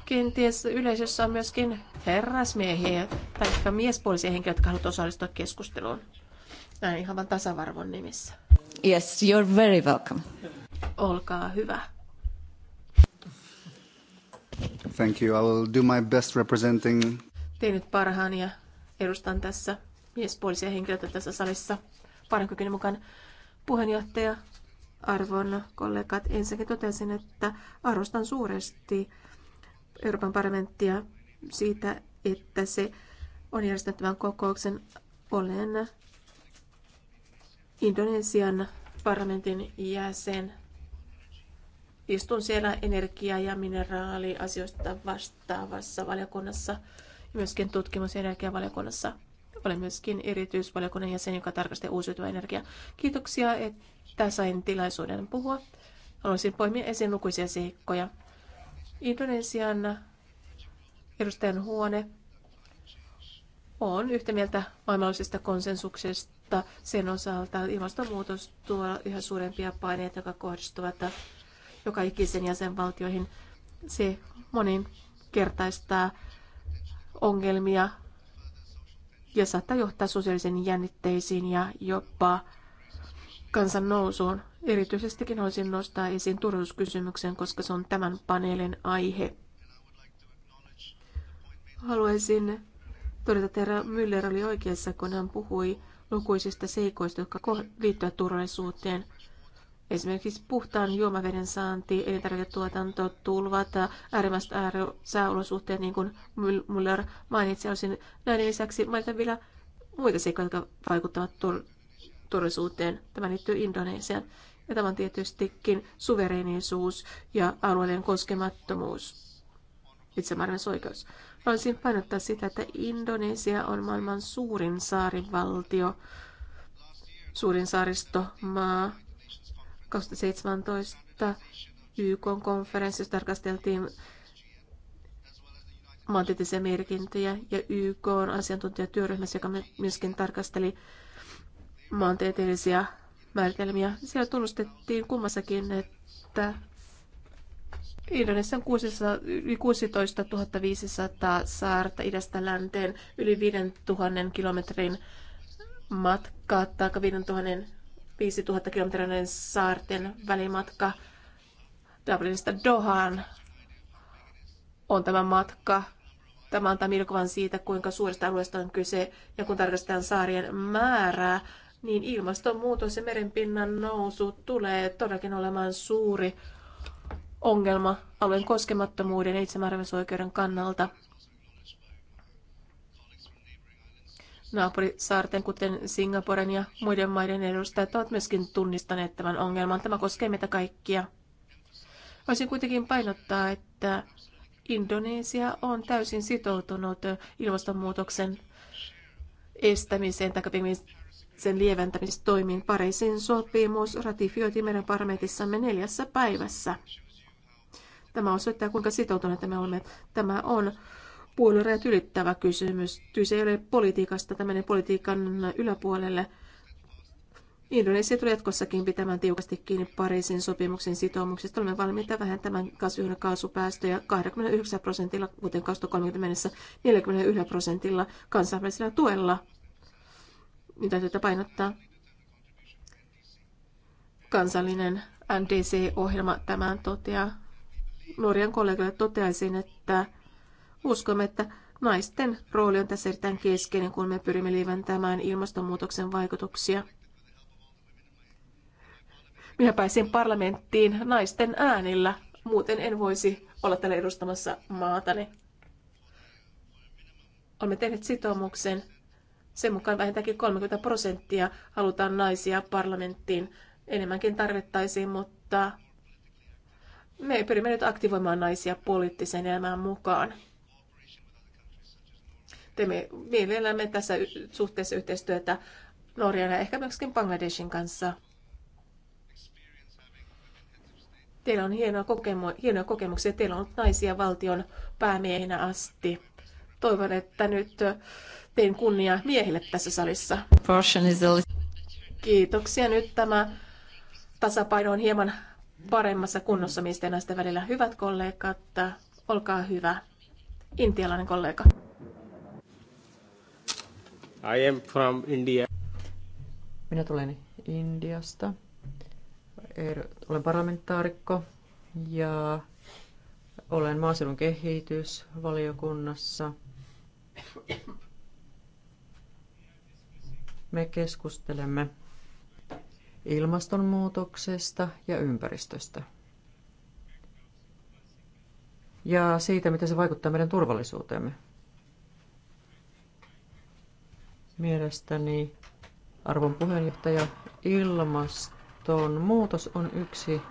Kenties yleisössä on myöskin herrasmiehiä tai miespuolisia henkilöitä, jotka haluavat osallistua keskusteluun. Näin ihan vain tasavarvon nimissä. Yes, you're very welcome. Olkaa hyvä. Thank you. I will do my best representing... Tein nyt parhaani ja edustan tässä miespuolisia henkilöitä tässä salissa parhaankykyni mukaan puheenjohtaja arvon kollegat. Ensinnäkin totesin, että arvostan suuresti Euroopan parlamenttia siitä, että se on järjestänyt tämän kokouksen. Olen Indonesian parlamentin jäsen. Istun siellä energia- ja mineraaliasioista vastaavassa valiokunnassa, myöskin tutkimus- ja energiavaliokunnassa. Olen myöskin erityisvaliokunnan jäsen, joka tarkastaa uusiutuvaa energiaa. Kiitoksia, että sain tilaisuuden puhua. Haluaisin poimia esiin lukuisia seikkoja. Indonesian edustajan huone on yhtä mieltä maailmallisesta konsensuksesta mutta sen osalta ilmastonmuutos tuo yhä suurempia paineita, jotka kohdistuvat joka ikisen jäsenvaltioihin. Se moninkertaistaa ongelmia ja saattaa johtaa sosiaalisen jännitteisiin ja jopa kansan nousuun. Erityisestikin haluaisin nostaa esiin turvallisuuskysymyksen, koska se on tämän paneelin aihe. Haluaisin todeta, että Müller oli oikeassa, kun hän puhui lukuisista seikoista, jotka liittyvät turvallisuuteen. Esimerkiksi puhtaan juomaveden saanti, elintarviketuotanto, tulvat, äärimmäiset sääolosuhteet, niin kuin Müller mainitsi, olisin näiden lisäksi mainita vielä muita seikkoja, jotka vaikuttavat turvallisuuteen. Tämä liittyy Indonesiaan. Ja tämä on tietystikin suvereenisuus ja alueellinen koskemattomuus, itsemääräämisoikeus. oikeus. Haluaisin painottaa sitä, että Indonesia on maailman suurin saarivaltio, suurin saaristomaa. 2017 YK-konferenssissa tarkasteltiin maantieteellisiä merkintöjä ja YK on asiantuntijatyöryhmässä, joka myöskin tarkasteli maantieteellisiä määritelmiä. Siellä tunnustettiin kummassakin, että Indonesia on 16 500 saarta idästä länteen, yli 5000 kilometrin matka tai 5000 5000 kilometrin saarten välimatka Dublinista Dohaan on tämä matka. Tämä antaa mielikuvan siitä, kuinka suuresta alueesta on kyse. Ja kun tarkastetaan saarien määrää, niin ilmastonmuutos ja merenpinnan nousu tulee todellakin olemaan suuri ongelma alueen koskemattomuuden ja itsemääräämisoikeuden kannalta. Naapurisaarten, kuten Singaporen ja muiden maiden edustajat, ovat myöskin tunnistaneet tämän ongelman. Tämä koskee meitä kaikkia. Voisin kuitenkin painottaa, että Indonesia on täysin sitoutunut ilmastonmuutoksen estämiseen tai sen lieventämistoimiin. Pariisin sopimus ratifioitiin meidän parlamentissamme neljässä päivässä. Tämä osoittaa, kuinka sitoutuneita me olemme. Tämä on puolueet ylittävä kysymys. Kyse ei ole politiikasta, tämä menee politiikan yläpuolelle. Indonesia tulee jatkossakin pitämään tiukasti kiinni Pariisin sopimuksen sitoumuksista. Olemme valmiita vähentämään kasvihuonekaasupäästöjä 29 prosentilla vuoteen 2030 mennessä 41 prosentilla kansainvälisellä tuella. Mitä täytyy painottaa? Kansallinen NDC-ohjelma tämän toteaa Lorian kollegalle toteaisin, että uskomme, että naisten rooli on tässä erittäin keskeinen, kun me pyrimme lieventämään ilmastonmuutoksen vaikutuksia. Minä pääsin parlamenttiin naisten äänillä, muuten en voisi olla täällä edustamassa maatani. Olemme tehneet sitoumuksen. Sen mukaan vähintäänkin 30 prosenttia halutaan naisia parlamenttiin. Enemmänkin tarvittaisiin, mutta me pyrimme nyt aktivoimaan naisia poliittiseen elämään mukaan. Teemme mielellämme tässä suhteessa yhteistyötä Norjan ja ehkä myöskin Bangladeshin kanssa. Teillä on hienoja, kokemu- hienoja kokemuksia. Teillä on ollut naisia valtion päämiehinä asti. Toivon, että nyt tein kunnia miehille tässä salissa. Kiitoksia. Nyt tämä tasapaino on hieman paremmassa kunnossa miesten ja naisten välillä. Hyvät kollegat, olkaa hyvä. Intialainen kollega. I am from India. Minä tulen Indiasta. Er, olen parlamentaarikko ja olen maaseudun kehitysvaliokunnassa. Me keskustelemme ilmastonmuutoksesta ja ympäristöstä. Ja siitä, miten se vaikuttaa meidän turvallisuuteemme. Mielestäni, arvon puheenjohtaja, ilmastonmuutos on yksi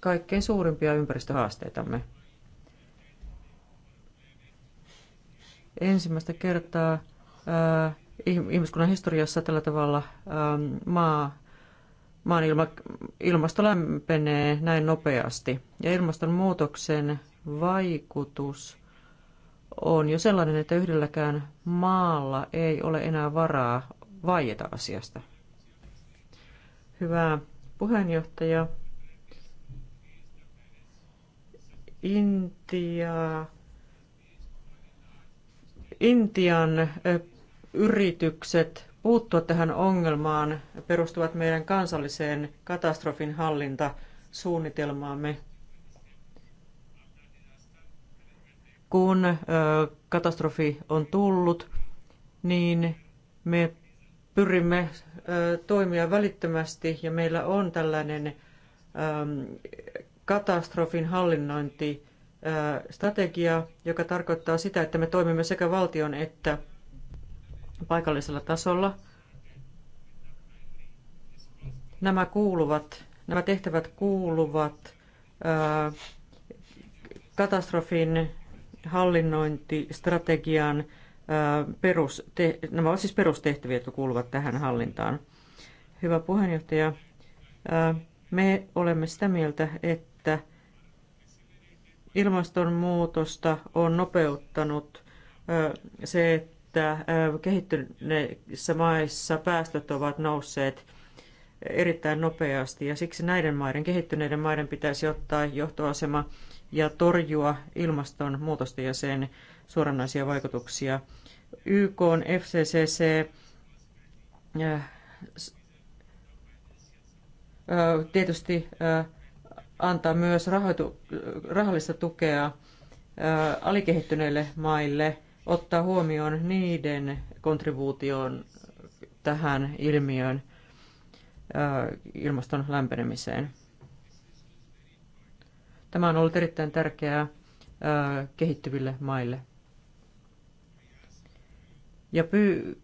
kaikkein suurimpia ympäristöhaasteitamme. Ensimmäistä kertaa ää, ihmiskunnan historiassa tällä tavalla ähm, maa, maan ilma, ilmasto lämpenee näin nopeasti. Ja ilmastonmuutoksen vaikutus on jo sellainen, että yhdelläkään maalla ei ole enää varaa vaieta asiasta. Hyvä puheenjohtaja. Intia, Intian yritykset puuttua tähän ongelmaan perustuvat meidän kansalliseen katastrofin hallintasuunnitelmaamme. Kun katastrofi on tullut, niin me pyrimme toimia välittömästi ja meillä on tällainen katastrofin strategia, joka tarkoittaa sitä, että me toimimme sekä valtion että paikallisella tasolla. Nämä kuuluvat, nämä tehtävät kuuluvat ää, katastrofin hallinnointistrategian ää, peruste, nämä ovat siis perustehtäviä, jotka kuuluvat tähän hallintaan. Hyvä puheenjohtaja, ää, me olemme sitä mieltä, että ilmastonmuutosta on nopeuttanut se, että kehittyneissä maissa päästöt ovat nousseet erittäin nopeasti ja siksi näiden maiden, kehittyneiden maiden pitäisi ottaa johtoasema ja torjua ilmastonmuutosta ja sen suoranaisia vaikutuksia. YK on FCCC tietysti antaa myös rahoitu, rahallista tukea alikehittyneille maille – ottaa huomioon niiden kontribuution tähän ilmiöön ilmaston lämpenemiseen. Tämä on ollut erittäin tärkeää kehittyville maille. Ja pyy-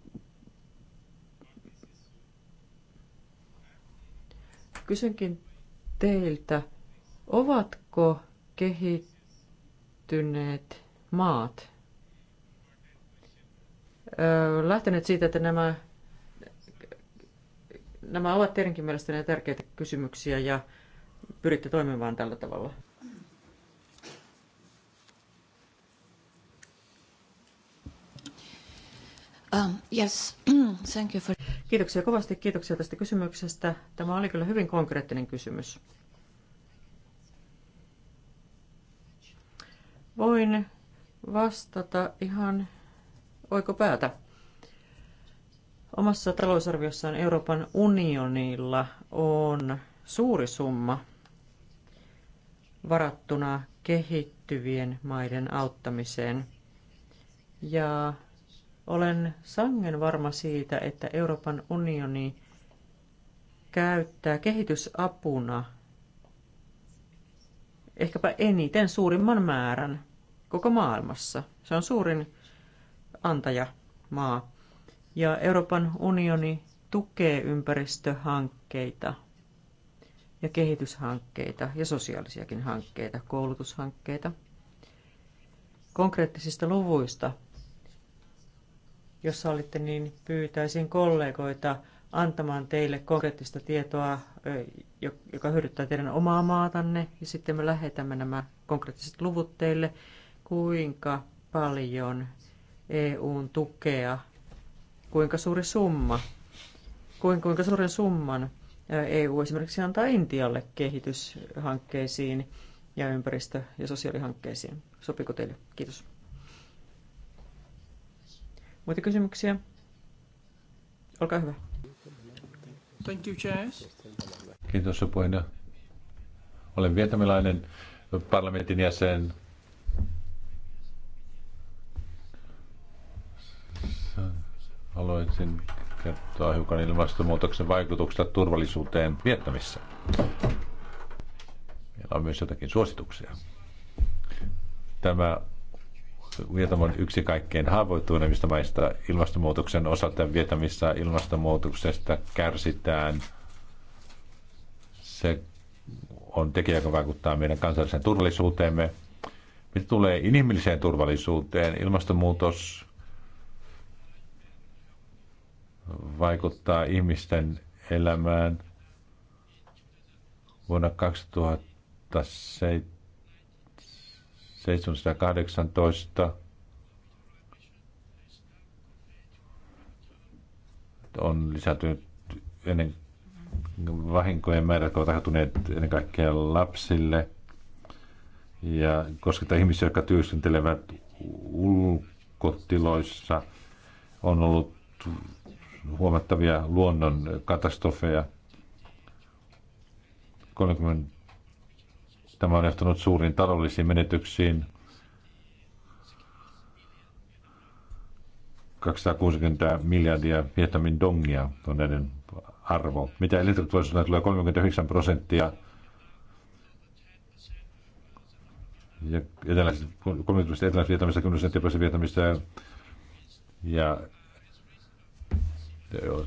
kysynkin teiltä, ovatko kehittyneet maat lähteneet siitä, että nämä, nämä ovat teidänkin mielestäni tärkeitä kysymyksiä ja pyritte toimimaan tällä tavalla? Um, yes. Thank you for... Kiitoksia kovasti, kiitoksia tästä kysymyksestä. Tämä oli kyllä hyvin konkreettinen kysymys. Voin vastata ihan oikopäätä. Omassa talousarviossaan Euroopan unionilla on suuri summa varattuna kehittyvien maiden auttamiseen. Ja olen sangen varma siitä, että Euroopan unioni käyttää kehitysapuna ehkäpä eniten suurimman määrän koko maailmassa. Se on suurin antajamaa. Ja Euroopan unioni tukee ympäristöhankkeita ja kehityshankkeita ja sosiaalisiakin hankkeita, koulutushankkeita. Konkreettisista luvuista, jos olitte, niin pyytäisin kollegoita antamaan teille konkreettista tietoa, joka hyödyttää teidän omaa maatanne, ja sitten me lähetämme nämä konkreettiset luvut teille, kuinka paljon EUn tukea, kuinka suuri summa, kuinka suuren summan EU esimerkiksi antaa Intialle kehityshankkeisiin ja ympäristö- ja sosiaalihankkeisiin. Sopiko teille? Kiitos. Muita kysymyksiä? Olkaa hyvä. Thank you, Chairs. Kiitos puheenjohtaja. Olen vietnamilainen parlamentin jäsen, haluaisin kertoa hiukan ilmastonmuutoksen vaikutuksesta turvallisuuteen viettämissä. Meillä on myös jotakin suosituksia. Tämä Vietnam on yksi kaikkein haavoittuneimmista maista ilmastonmuutoksen osalta. Vietnamissa ilmastonmuutoksesta kärsitään. Se on tekijä, joka vaikuttaa meidän kansalliseen turvallisuuteemme. Mitä tulee inhimilliseen turvallisuuteen, ilmastonmuutos vaikuttaa ihmisten elämään. Vuonna 2718. on lisätynyt ennen vahinkojen määrä, jotka ovat ennen kaikkea lapsille ja koskettaa ihmisiä, jotka työskentelevät ulkotiloissa. On ollut huomattavia luonnon katastrofeja. 30, tämä on johtanut suuriin taloudellisiin menetyksiin. 260 miljardia Vietnamin dongia on näiden arvo. Mitä elintarviketeollisuudelle tulee 39 prosenttia ja eteläisestä eteläis Vietnamista, 10 prosenttia Vietnamista ja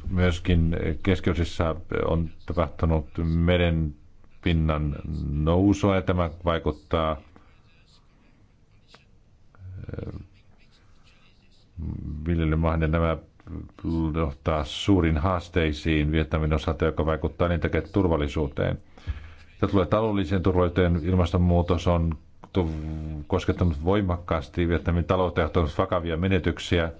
Myöskin keskiosissa on tapahtunut meren pinnan nousua ja tämä vaikuttaa eh, viljelymahden nämä johtaa suurin haasteisiin Vietnamin osalta, joka vaikuttaa niin takia turvallisuuteen. Mitä tulee taloudelliseen turvallisuuteen, ilmastonmuutos on koskettanut voimakkaasti Vietnamin taloutta ja vakavia menetyksiä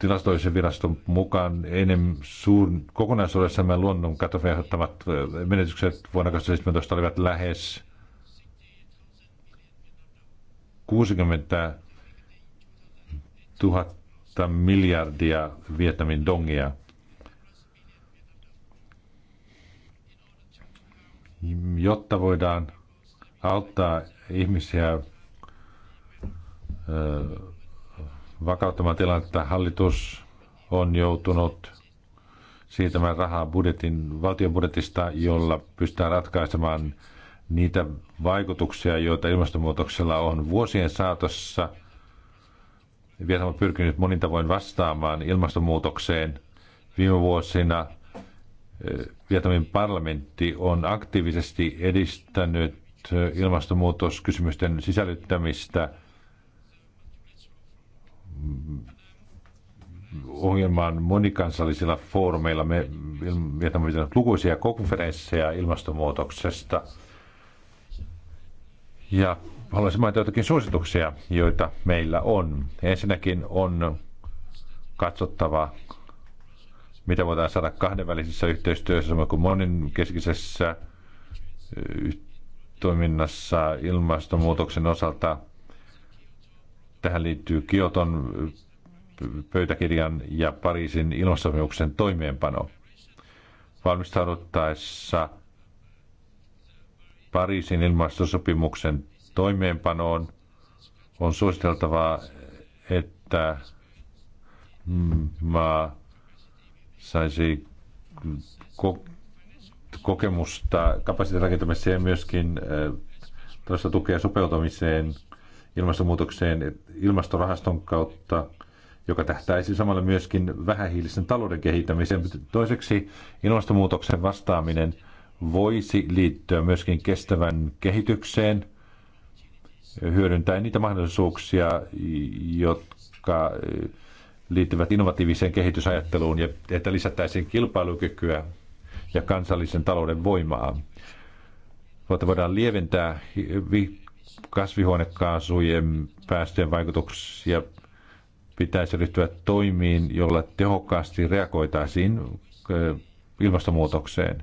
tilastollisen viraston mukaan enemmän suurin, kokonaisuudessamme luonnon katon aiheuttamat menetykset vuonna 2017 olivat lähes 60 000 miljardia Vietnamin dongia. Jotta voidaan auttaa ihmisiä vakauttamaan tilannetta. Hallitus on joutunut siirtämään rahaa budjetin, valtion budjetista, jolla pystytään ratkaisemaan niitä vaikutuksia, joita ilmastonmuutoksella on vuosien saatossa. Vietnam on pyrkinyt monin tavoin vastaamaan ilmastonmuutokseen. Viime vuosina eh, Vietnamin parlamentti on aktiivisesti edistänyt eh, ilmastonmuutoskysymysten sisällyttämistä ongelmaan monikansallisilla foorumeilla. Me vietämme lukuisia konferensseja ilmastonmuutoksesta. Ja haluaisin mainita jotakin suosituksia, joita meillä on. Ensinnäkin on katsottava, mitä voidaan saada kahdenvälisessä yhteistyössä, samoin kuin monenkeskisessä eh, toiminnassa ilmastonmuutoksen osalta – Tähän liittyy Kioton pöytäkirjan ja Pariisin ilmastosopimuksen toimeenpano. Valmistauduttaessa Pariisin ilmastosopimuksen toimeenpanoon on suositeltavaa, että mm, maa saisi ko- kokemusta kapasiteetin rakentamiseen ja myöskin äh, toista tukea sopeutumiseen – ilmastonmuutokseen ilmastorahaston kautta, joka tähtäisi samalla myöskin vähähiilisen talouden kehittämiseen. Toiseksi ilmastonmuutoksen vastaaminen voisi liittyä myöskin kestävän kehitykseen, hyödyntäen niitä mahdollisuuksia, jotka eh, liittyvät innovatiiviseen kehitysajatteluun ja että lisättäisiin kilpailukykyä ja kansallisen talouden voimaa. Tuota voidaan lieventää kasvihuonekaasujen päästöjen vaikutuksia pitäisi ryhtyä toimiin, jolla tehokkaasti reagoitaisiin eh, ilmastonmuutokseen.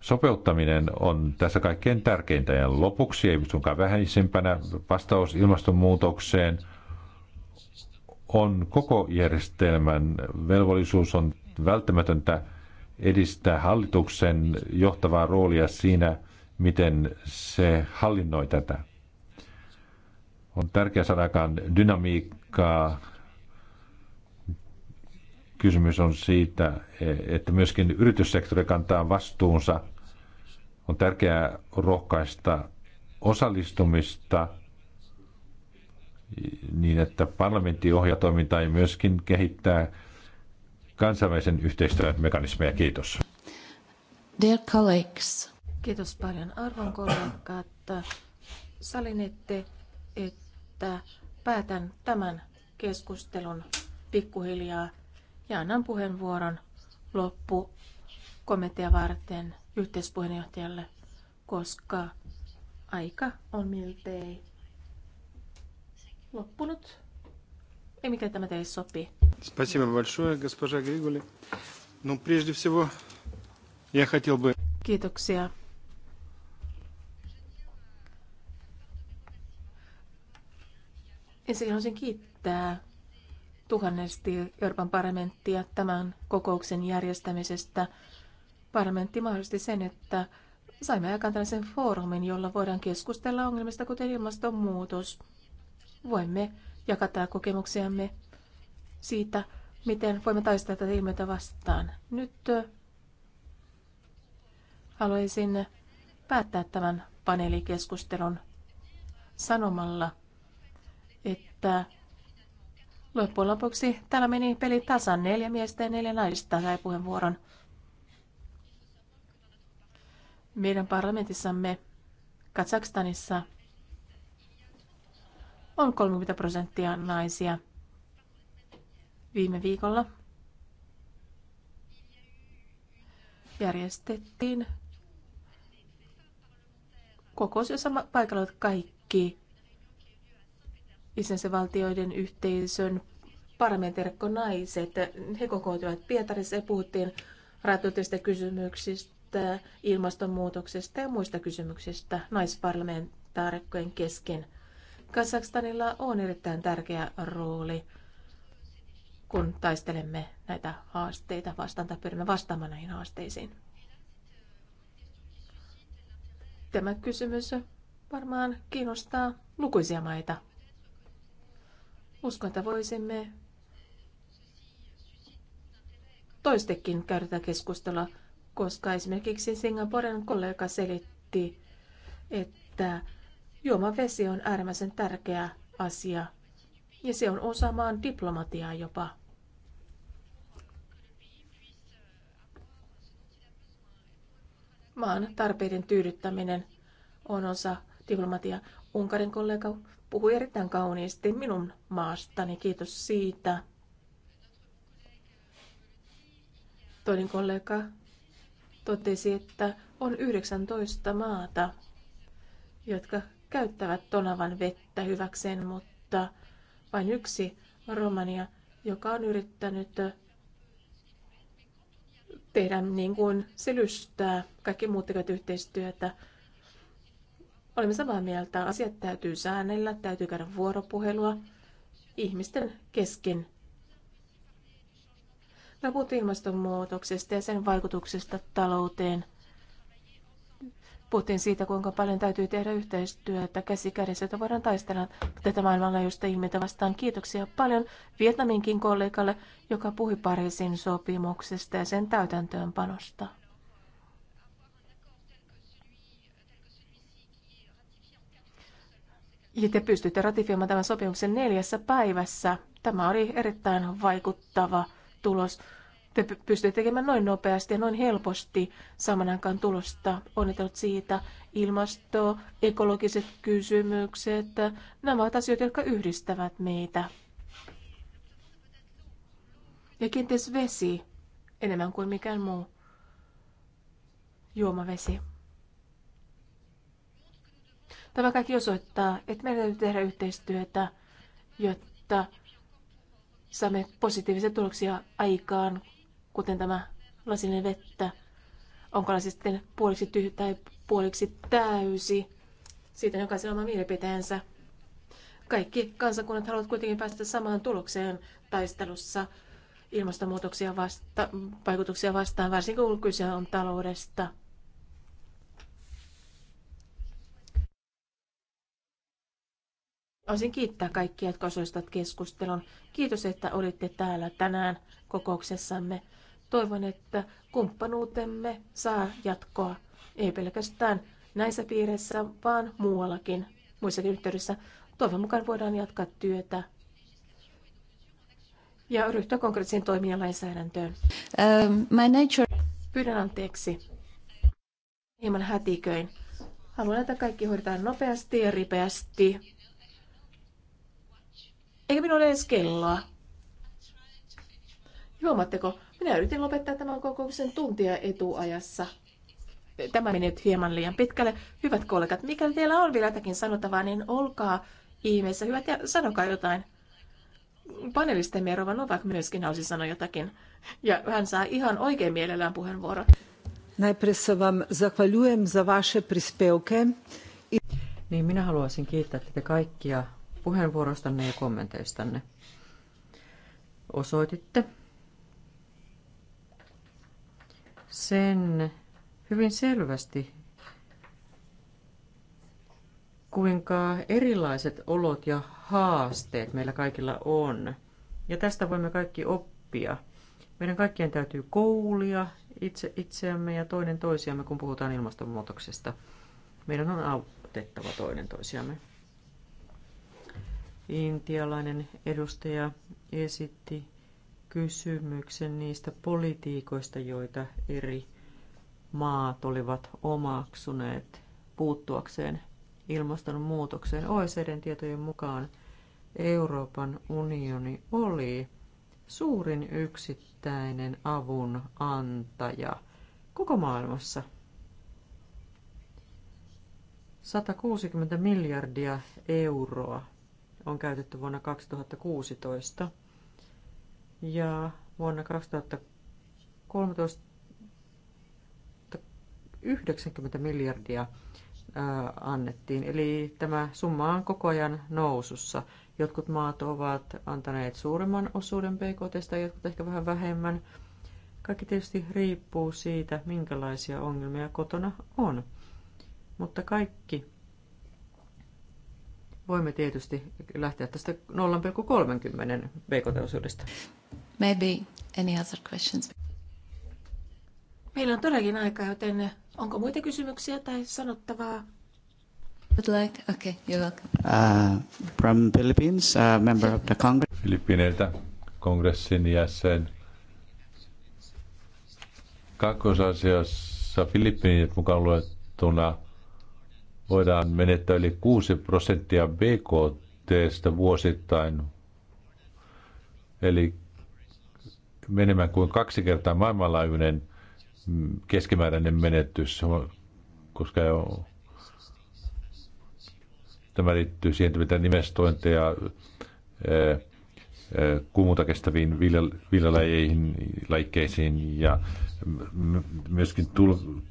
Sopeuttaminen on tässä kaikkein tärkeintä ja lopuksi, ei suinkaan vähäisempänä, vastaus ilmastonmuutokseen on koko järjestelmän velvollisuus on välttämätöntä edistää hallituksen johtavaa roolia siinä – miten se hallinnoi tätä. On tärkeää saada aikaan dynamiikkaa. Kysymys on siitä, että myöskin yrityssektori kantaa vastuunsa. On tärkeää rohkaista osallistumista niin, että parlamentti ohjaa toimintaa ja myöskin kehittää kansainvälisen yhteistyön mekanismeja. Kiitos. Dear colleagues, Kiitos paljon arvon kollegat. Salinette, että päätän tämän keskustelun pikkuhiljaa ja annan puheenvuoron loppu komitea varten yhteispuheenjohtajalle, koska aika on miltei loppunut. Ei mikä tämä teille sopii. Спасибо большое, госпожа Григоли. Но прежде всего я хотел бы... Kiitoksia. Ensinnäkin haluaisin kiittää tuhannesti Euroopan parlamenttia tämän kokouksen järjestämisestä. Parlamentti mahdollisti sen, että saimme aikaan tällaisen foorumin, jolla voidaan keskustella ongelmista, kuten ilmastonmuutos. Voimme jakata kokemuksiamme siitä, miten voimme taistella tätä ilmiötä vastaan. Nyt haluaisin päättää tämän paneelikeskustelun sanomalla – että loppujen lopuksi täällä meni peli tasan neljä miestä ja neljä naista sai puheenvuoron. Meidän parlamentissamme Kazakstanissa on 30 prosenttia naisia. Viime viikolla järjestettiin kokous, jossa paikalla kaikki isänsävaltioiden yhteisön parlamentaarikko naiset. He kokoontuivat Pietarissa ja puhuttiin ratkaisuista kysymyksistä, ilmastonmuutoksesta ja muista kysymyksistä naisparlamentaarikkojen kesken. Kazakstanilla on erittäin tärkeä rooli, kun taistelemme näitä haasteita vastaan tai pyrimme vastaamaan näihin haasteisiin. Tämä kysymys varmaan kiinnostaa lukuisia maita Uskon, että voisimme toistekin käydä keskustelua, koska esimerkiksi Singaporen kollega selitti, että juomavesi on äärimmäisen tärkeä asia ja se on osa maan diplomatiaa jopa. Maan tarpeiden tyydyttäminen on osa diplomatiaa. Unkarin kollega puhui erittäin kauniisti minun maastani. Kiitos siitä. Toinen kollega totesi, että on 19 maata, jotka käyttävät Tonavan vettä hyväkseen, mutta vain yksi Romania, joka on yrittänyt tehdä niin kuin se lystää. Kaikki muut tekevät yhteistyötä. Olemme samaa mieltä, asiat täytyy säännellä, täytyy käydä vuoropuhelua ihmisten kesken. Me puhuttiin ilmastonmuutoksesta ja sen vaikutuksesta talouteen. Puhuttiin siitä, kuinka paljon täytyy tehdä yhteistyötä käsi kädessä, että voidaan taistella tätä maailmanlaajuista ilmiötä vastaan. Kiitoksia paljon Vietnaminkin kollegalle, joka puhui Pariisin sopimuksesta ja sen täytäntöönpanosta. Ja te pystytte ratifioimaan tämän sopimuksen neljässä päivässä. Tämä oli erittäin vaikuttava tulos. Te pystytte tekemään noin nopeasti ja noin helposti saman aikaan tulosta. Onnitellut siitä ilmasto, ekologiset kysymykset. Nämä ovat asioita, jotka yhdistävät meitä. Ja kenties vesi enemmän kuin mikään muu juomavesi. Tämä kaikki osoittaa, että meidän täytyy tehdä yhteistyötä, jotta saamme positiivisia tuloksia aikaan, kuten tämä lasinen vettä. Onko se sitten puoliksi tyhjä tai puoliksi täysi? Siitä jokaisella oma mielipiteensä. Kaikki kansakunnat haluavat kuitenkin päästä samaan tulokseen taistelussa ilmastonmuutoksia vasta, vaikutuksia vastaan, varsinkin kun kyse on taloudesta – Haluaisin kiittää kaikkia, jotka osallistuvat keskustelun. Kiitos, että olitte täällä tänään kokouksessamme. Toivon, että kumppanuutemme saa jatkoa, ei pelkästään näissä piireissä, vaan muuallakin, muissakin yhteydessä. Toivon mukaan voidaan jatkaa työtä ja ryhtyä konkreettisiin toimiin lainsäädäntöön. Um, my nature... Pyydän anteeksi. Hieman hätiköin. Haluan, että kaikki hoidetaan nopeasti ja ripeästi eikä minulla ole edes kelloa. Huomaatteko, minä yritin lopettaa tämän kokouksen tuntia etuajassa. Tämä meni nyt hieman liian pitkälle. Hyvät kollegat, mikäli teillä on vielä jotakin sanottavaa, niin olkaa ihmeessä hyvät ja sanokaa jotain. Panelistemme Rova Novak myöskin halusi sanoa jotakin. Ja hän saa ihan oikein mielellään puheenvuoron. Najprej se vam zahvaljujem za vaše prispevke. Niin, minä haluaisin kiittää teitä kaikkia puheenvuorostanne ja kommenteistanne. Osoititte sen hyvin selvästi, kuinka erilaiset olot ja haasteet meillä kaikilla on. Ja tästä voimme kaikki oppia. Meidän kaikkien täytyy koulia itse itseämme ja toinen toisiamme, kun puhutaan ilmastonmuutoksesta. Meidän on autettava toinen toisiamme intialainen edustaja esitti kysymyksen niistä politiikoista, joita eri maat olivat omaksuneet puuttuakseen ilmastonmuutokseen. OECDn tietojen mukaan Euroopan unioni oli suurin yksittäinen avun antaja koko maailmassa. 160 miljardia euroa on käytetty vuonna 2016. Ja vuonna 2013 90 miljardia annettiin. Eli tämä summa on koko ajan nousussa. Jotkut maat ovat antaneet suuremman osuuden BKT, jotkut ehkä vähän vähemmän. Kaikki tietysti riippuu siitä, minkälaisia ongelmia kotona on. Mutta kaikki Voimme tietysti lähteä tästä 0,30 bkt-osuudesta. Maybe any other questions? Meillä on todellakin aika, joten onko muita kysymyksiä tai sanottavaa? Would like? Okay, you're welcome. Uh, from Philippines, uh, member of the Congress. Filippineiltä kongressin jäsen. Kakkosasiassa Filippiinit mukaan luettuna voidaan menettää yli 6 prosenttia BKTstä vuosittain, eli enemmän kuin kaksi kertaa maailmanlaajuinen mm, keskimääräinen menetys, koska jo tämä liittyy siihen, mitä investointeja kuumuta kestäviin viljalajeihin, laikkeisiin ja myöskin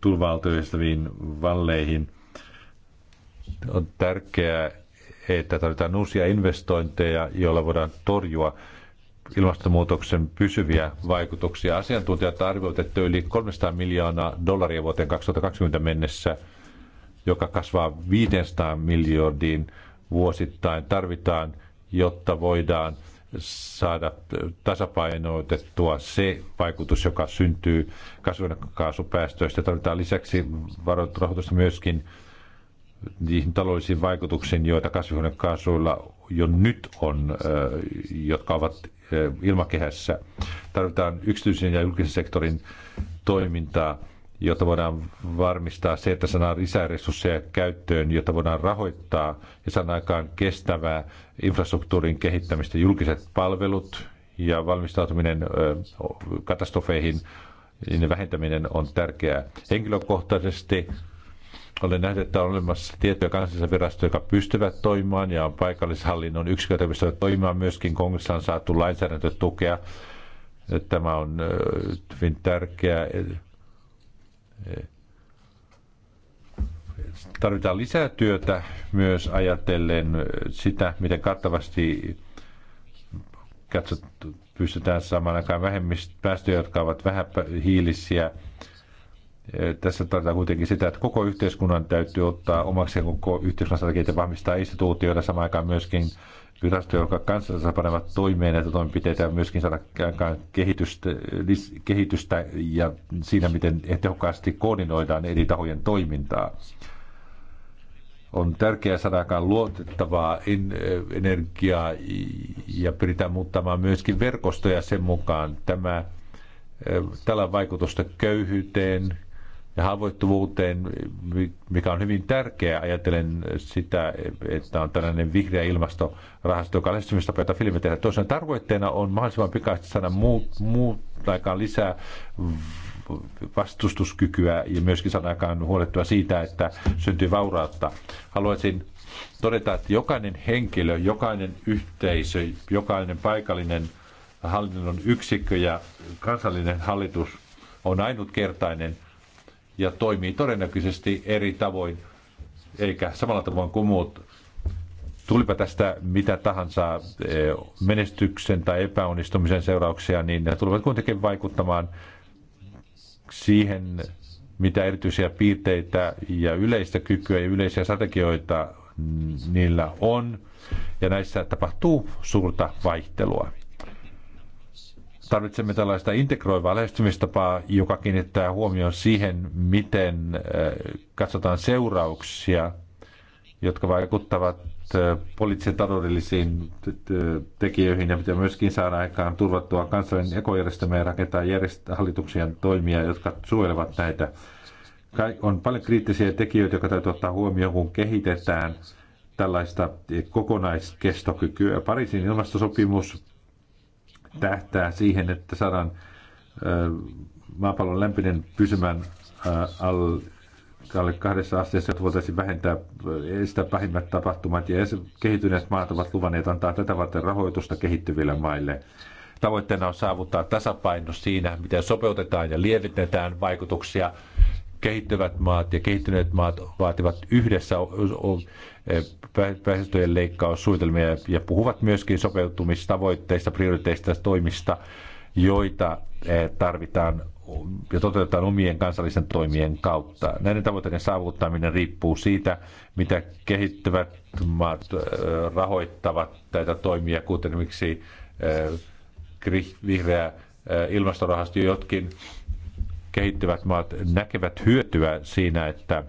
tulvaaltoistaviin valleihin – on tärkeää, että tarvitaan uusia investointeja, joilla voidaan torjua ilmastonmuutoksen pysyviä vaikutuksia. Asiantuntijat arvioivat, että yli 300 miljoonaa dollaria vuoteen 2020 mennessä, joka kasvaa 500 miljardiin vuosittain, tarvitaan, jotta voidaan saada tasapainoitettua se vaikutus, joka syntyy kasvihuonekaasupäästöistä. Tarvitaan lisäksi varoitusrahoitusta myöskin niihin taloudellisiin vaikutuksiin, joita kasvihuonekaasuilla jo nyt on, jotka ovat ilmakehässä. Tarvitaan yksityisen ja julkisen sektorin toimintaa, jotta voidaan varmistaa se, että saadaan lisää resursseja käyttöön, jotta voidaan rahoittaa ja saadaan aikaan kestävää infrastruktuurin kehittämistä, julkiset palvelut ja valmistautuminen katastrofeihin, niiden vähentäminen on tärkeää. Henkilökohtaisesti olen nähnyt, että on olemassa tiettyjä kansallisia virastoja, jotka pystyvät toimimaan ja on paikallishallinnon yksiköitä, pystyvät toimimaan myöskin. Kongressissa on saatu lainsäädäntötukea. Tämä on hyvin tärkeää. Tarvitaan lisää työtä myös ajatellen sitä, miten kattavasti katsot, pystytään saamaan aikaan vähemmistä jotka ovat hiilisiä. Tässä tarvitaan kuitenkin sitä, että koko yhteiskunnan täytyy ottaa omakseen koko yhteiskunnan strategiaa vahvistaa instituutioita, samaan aikaan myöskin virastoja, jotka kansallisessa panevat toimeen näitä toimenpiteitä ja myöskin saada kehitystä, kehitystä ja siinä, miten tehokkaasti koordinoidaan eri tahojen toimintaa. On tärkeää saada aikaan luotettavaa energiaa ja pyritään muuttamaan myöskin verkostoja sen mukaan. Tämä, tällä vaikutusta köyhyyteen, ja haavoittuvuuteen, mikä on hyvin tärkeää. ajatellen sitä, että on tällainen vihreä ilmastorahasto, joka lähestymistä pitää filmi tehdä. Toisena tarkoitteena on mahdollisimman pikaisesti saada muut, muut aikaan lisää vastustuskykyä ja myöskin saada aikaan huolehtua siitä, että syntyy vaurautta. Haluaisin todeta, että jokainen henkilö, jokainen yhteisö, jokainen paikallinen hallinnon yksikkö ja kansallinen hallitus on ainutkertainen – ja toimii todennäköisesti eri tavoin, eikä samalla tavoin kuin muut. Tulipa tästä mitä tahansa eh, menestyksen tai epäonnistumisen seurauksia, niin ne tulevat kuitenkin vaikuttamaan siihen, mitä erityisiä piirteitä ja yleistä kykyä ja yleisiä strategioita niillä on. Ja näissä tapahtuu suurta vaihtelua. Tarvitsemme tällaista integroivaa lähestymistapaa, joka kiinnittää huomioon siihen, miten eh, katsotaan seurauksia, jotka vaikuttavat eh, poliittisiin taloudellisiin tekijöihin ja miten myöskin saada aikaan turvattua kansallinen ekojärjestelmä ja rakentaa hallituksien toimia, jotka suojelevat näitä. On paljon kriittisiä tekijöitä, jotka täytyy ottaa huomioon, kun kehitetään tällaista kokonaiskestokykyä. Pariisin ilmastosopimus tähtää siihen, että saadaan maapallon lämpinen pysymään alle kahdessa asteessa, että voitaisiin vähentää estää pahimmat tapahtumat. Ja kehittyneet maat ovat luvanneet antaa tätä varten rahoitusta kehittyville maille. Tavoitteena on saavuttaa tasapaino siinä, miten sopeutetaan ja lievitetään vaikutuksia kehittyvät maat ja kehittyneet maat vaativat yhdessä e, päästöjen leikkaussuunnitelmia ja puhuvat myöskin sopeutumistavoitteista, prioriteista toimista, joita e, tarvitaan ja toteutetaan omien kansallisen toimien kautta. Näiden tavoitteiden saavuttaminen riippuu siitä, mitä kehittyvät maat e, rahoittavat näitä toimia, kuten esimerkiksi vihreä ilmastorahasto, jotkin kehittyvät maat näkevät hyötyä siinä, että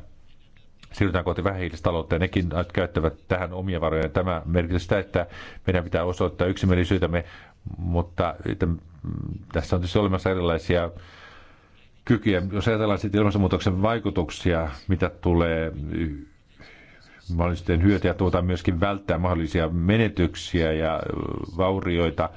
siirrytään kohti taloutta ja nekin käyttävät tähän omia varoja. Tämä merkitsee sitä, että meidän pitää osoittaa yksimielisyytämme, mutta että tässä on tietysti olemassa erilaisia kykyjä. Jos ajatellaan sitten ilmastonmuutoksen vaikutuksia, mitä tulee mahdollisten hyötyjä, tuota myöskin välttää mahdollisia menetyksiä ja vaurioita –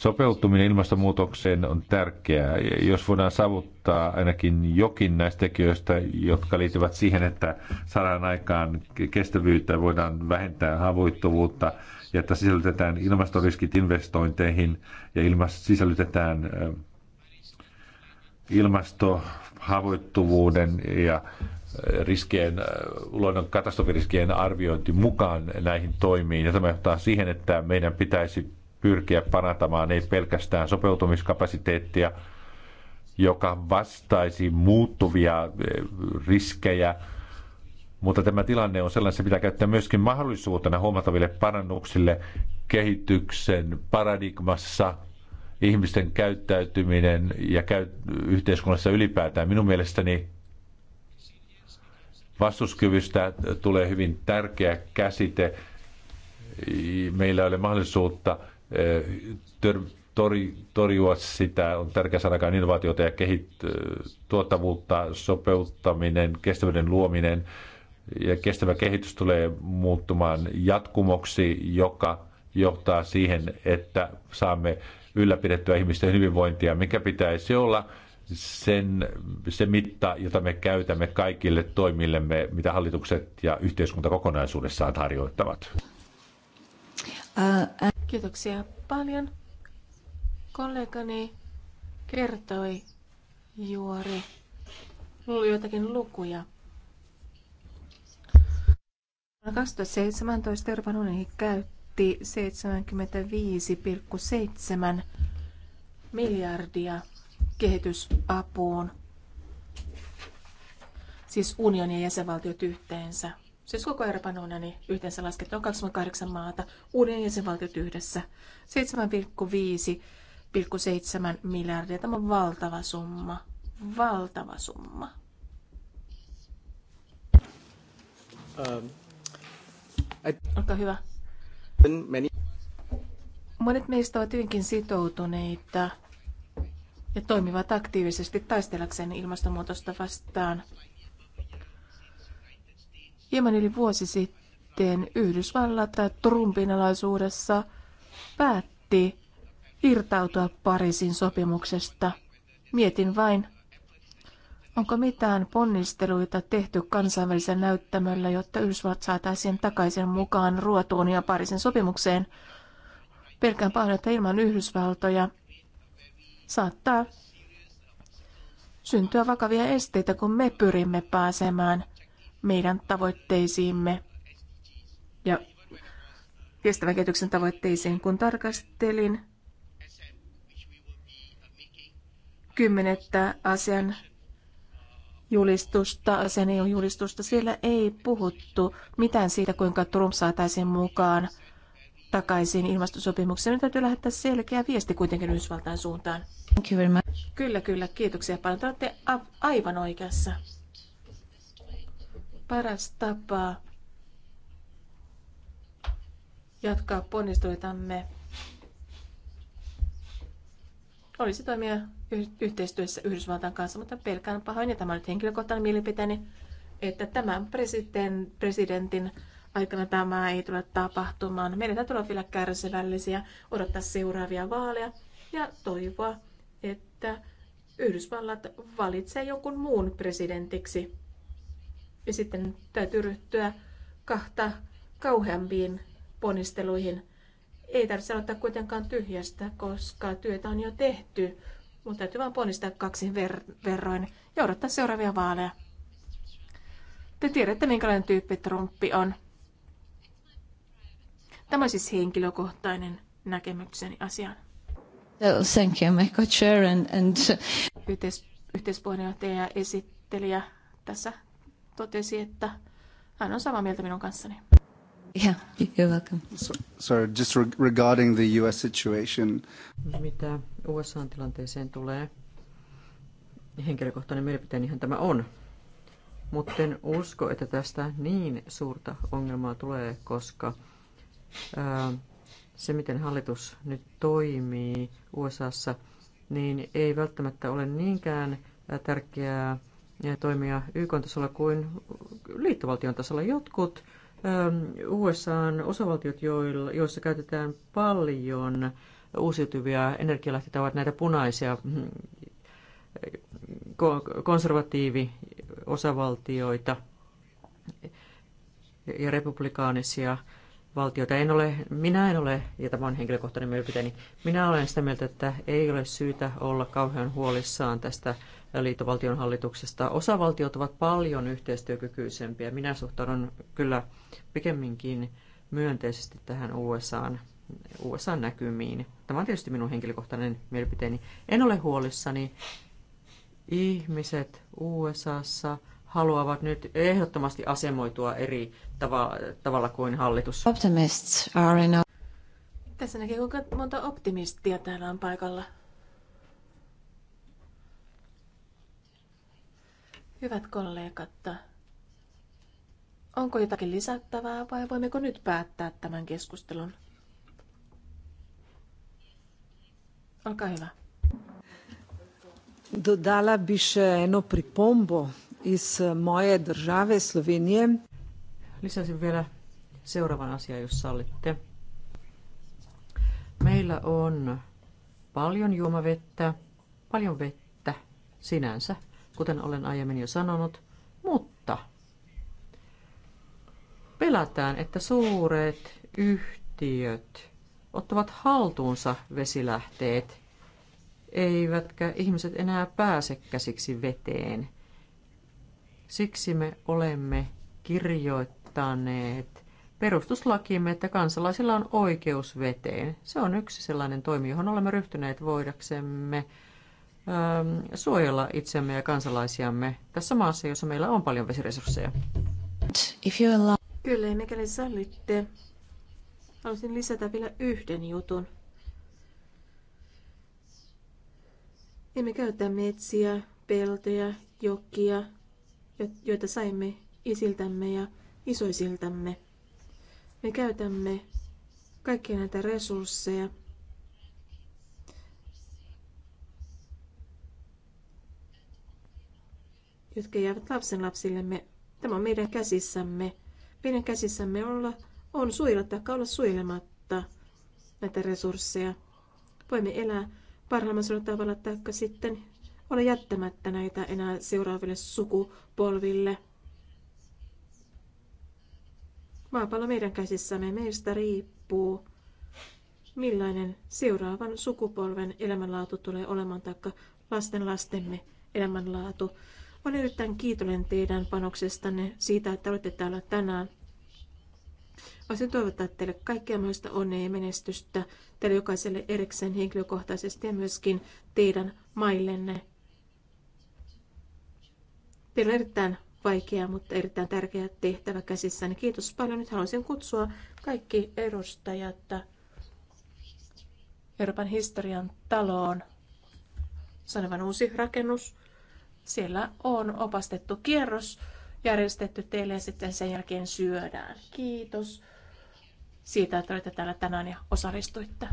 Sopeutuminen ilmastonmuutokseen on tärkeää, jos voidaan saavuttaa ainakin jokin näistä tekijöistä, jotka liittyvät siihen, että saadaan aikaan kestävyyttä, voidaan vähentää haavoittuvuutta ja että sisällytetään ilmastoriskit investointeihin ja sisällytetään ilmastohavoittuvuuden ja riskien, luonnon katastrofiriskien arviointi mukaan näihin toimiin. Ja tämä johtaa siihen, että meidän pitäisi pyrkiä parantamaan ei pelkästään sopeutumiskapasiteettia, joka vastaisi muuttuvia eh, riskejä, mutta tämä tilanne on sellainen, että se pitää käyttää myöskin mahdollisuutena huomattaville parannuksille kehityksen paradigmassa, ihmisten käyttäytyminen ja käy- yhteiskunnassa ylipäätään. Minun mielestäni vastuskyvystä tulee hyvin tärkeä käsite. Meillä ei ole mahdollisuutta Eh, tori, torjua sitä, on tärkeä sanakaan innovaatiota ja kehit, eh, tuottavuutta, sopeuttaminen, kestävyyden luominen ja kestävä kehitys tulee muuttumaan jatkumoksi, joka johtaa siihen, että saamme ylläpidettyä ihmisten hyvinvointia, mikä pitäisi olla sen, se mitta, jota me käytämme kaikille toimillemme, mitä hallitukset ja yhteiskunta kokonaisuudessaan harjoittavat. Kiitoksia paljon. Kollegani kertoi juuri joitakin lukuja. Vuonna 2017 Euroopan unioni käytti 75,7 miljardia kehitysapuun, siis unionin ja jäsenvaltiot yhteensä siis koko Euroopan unioni yhteensä laskettu on 28 maata, uuden jäsenvaltiot yhdessä, 7,5,7 miljardia. Tämä on valtava summa, valtava summa. Um, ähm, I... Olkaa hyvä. Many... Monet meistä ovat hyvinkin sitoutuneita ja toimivat aktiivisesti taistelakseen ilmastonmuutosta vastaan – Hieman yli vuosi sitten Yhdysvallat Trumpin alaisuudessa päätti irtautua Pariisin sopimuksesta. Mietin vain, onko mitään ponnisteluita tehty kansainvälisen näyttämöllä, jotta Yhdysvallat saataisiin takaisin mukaan ruotuun ja Pariisin sopimukseen. Pelkään pahoin, että ilman Yhdysvaltoja saattaa syntyä vakavia esteitä, kun me pyrimme pääsemään meidän tavoitteisiimme ja kestävän kehityksen tavoitteisiin, kun tarkastelin kymmenettä asian julistusta, asian EU-julistusta. Siellä ei puhuttu mitään siitä, kuinka Trump saataisiin mukaan takaisin ilmastosopimukseen. Nyt täytyy lähettää selkeä viesti kuitenkin Yhdysvaltain suuntaan. Kyllä, kyllä. Kiitoksia paljon. Te olette aivan oikeassa paras tapa jatkaa ponnisteluitamme olisi toimia yhteistyössä Yhdysvaltain kanssa, mutta pelkään pahoin, ja tämä on nyt henkilökohtainen mielipiteeni, että tämän presidentin, presidentin aikana tämä ei tule tapahtumaan. Meidän täytyy olla vielä kärsivällisiä, odottaa seuraavia vaaleja ja toivoa, että Yhdysvallat valitsee jonkun muun presidentiksi. Ja sitten täytyy ryhtyä kahta kauheampiin ponnisteluihin. Ei tarvitse aloittaa kuitenkaan tyhjästä, koska työtä on jo tehty. Mutta täytyy vain ponnistaa kaksin ver- verroin ja odottaa seuraavia vaaleja. Te tiedätte, minkälainen tyyppi Trumpi on. Tämä on siis henkilökohtainen näkemykseni asiaan. Oh, thank you, Michael Chair and, and... Yhteis- yhteispuheenjohtaja ja esittelijä tässä totesi, että hän on samaa mieltä minun kanssani. Yeah, you're welcome. So, sorry, just regarding the US situation. Mitä USA-tilanteeseen tulee, henkilökohtainen mielipiteenihän tämä on. Mutta en usko, että tästä niin suurta ongelmaa tulee, koska ää, se, miten hallitus nyt toimii USAssa, niin ei välttämättä ole niinkään tärkeää toimia YK-tasolla kuin liittovaltion tasolla. Jotkut on ähm, osavaltiot, joissa käytetään paljon uusiutuvia energialähteitä, ovat näitä punaisia mm, konservatiiviosavaltioita ja republikaanisia valtiota. En ole, minä en ole, ja tämä on henkilökohtainen mielipiteeni, minä olen sitä mieltä, että ei ole syytä olla kauhean huolissaan tästä liittovaltion hallituksesta. Osavaltiot ovat paljon yhteistyökykyisempiä. Minä suhtaudun kyllä pikemminkin myönteisesti tähän USAan, USAan näkymiin. Tämä on tietysti minun henkilökohtainen mielipiteeni. En ole huolissani. Ihmiset USAssa – haluavat nyt ehdottomasti asemoitua eri tava- tavalla kuin hallitus. Optimists are in... Tässä näkee, kuinka monta optimistia täällä on paikalla. Hyvät kollegat, onko jotakin lisättävää vai voimmeko nyt päättää tämän keskustelun? Olkaa hyvä. Dodala bi še eno pripombo iz eh, moje države Slovenije. Lisäsin vielä seuraavan asian, jos sallitte. Meillä on paljon juomavettä, paljon vettä sinänsä, kuten olen aiemmin jo sanonut, mutta pelätään, että suuret yhtiöt ottavat haltuunsa vesilähteet, eivätkä ihmiset enää pääse käsiksi veteen. Siksi me olemme kirjoittaneet perustuslakiimme, että kansalaisilla on oikeus veteen. Se on yksi sellainen toimi, johon olemme ryhtyneet voidaksemme ähm, suojella itsemme ja kansalaisiamme tässä maassa, jossa meillä on paljon vesiresursseja. If you allow... Kyllä, mikäli sallitte, haluaisin lisätä vielä yhden jutun. Emme käytä metsiä, peltoja, jokia joita saimme isiltämme ja isoisiltämme. Me käytämme kaikkia näitä resursseja jotka jäävät lapsillemme. Tämä on meidän käsissämme. Meidän käsissämme olla, on suojella tai olla suojelematta näitä resursseja. Voimme elää parhaimmassa tavalla tai sitten ole jättämättä näitä enää seuraaville sukupolville. Maapallo meidän käsissämme meistä riippuu, millainen seuraavan sukupolven elämänlaatu tulee olemaan, taikka lasten lastemme elämänlaatu. Olen erittäin kiitollinen teidän panoksestanne siitä, että olette täällä tänään. Olisin toivottaa teille kaikkea mahdollista onnea ja menestystä, teille jokaiselle erikseen henkilökohtaisesti ja myöskin teidän maillenne Teillä on erittäin vaikea, mutta erittäin tärkeä tehtävä käsissäni. Kiitos paljon. Nyt haluaisin kutsua kaikki edustajat Euroopan historian taloon. Se on aivan uusi rakennus. Siellä on opastettu kierros järjestetty teille ja sitten sen jälkeen syödään. Kiitos siitä, että olette täällä tänään ja osallistuitte.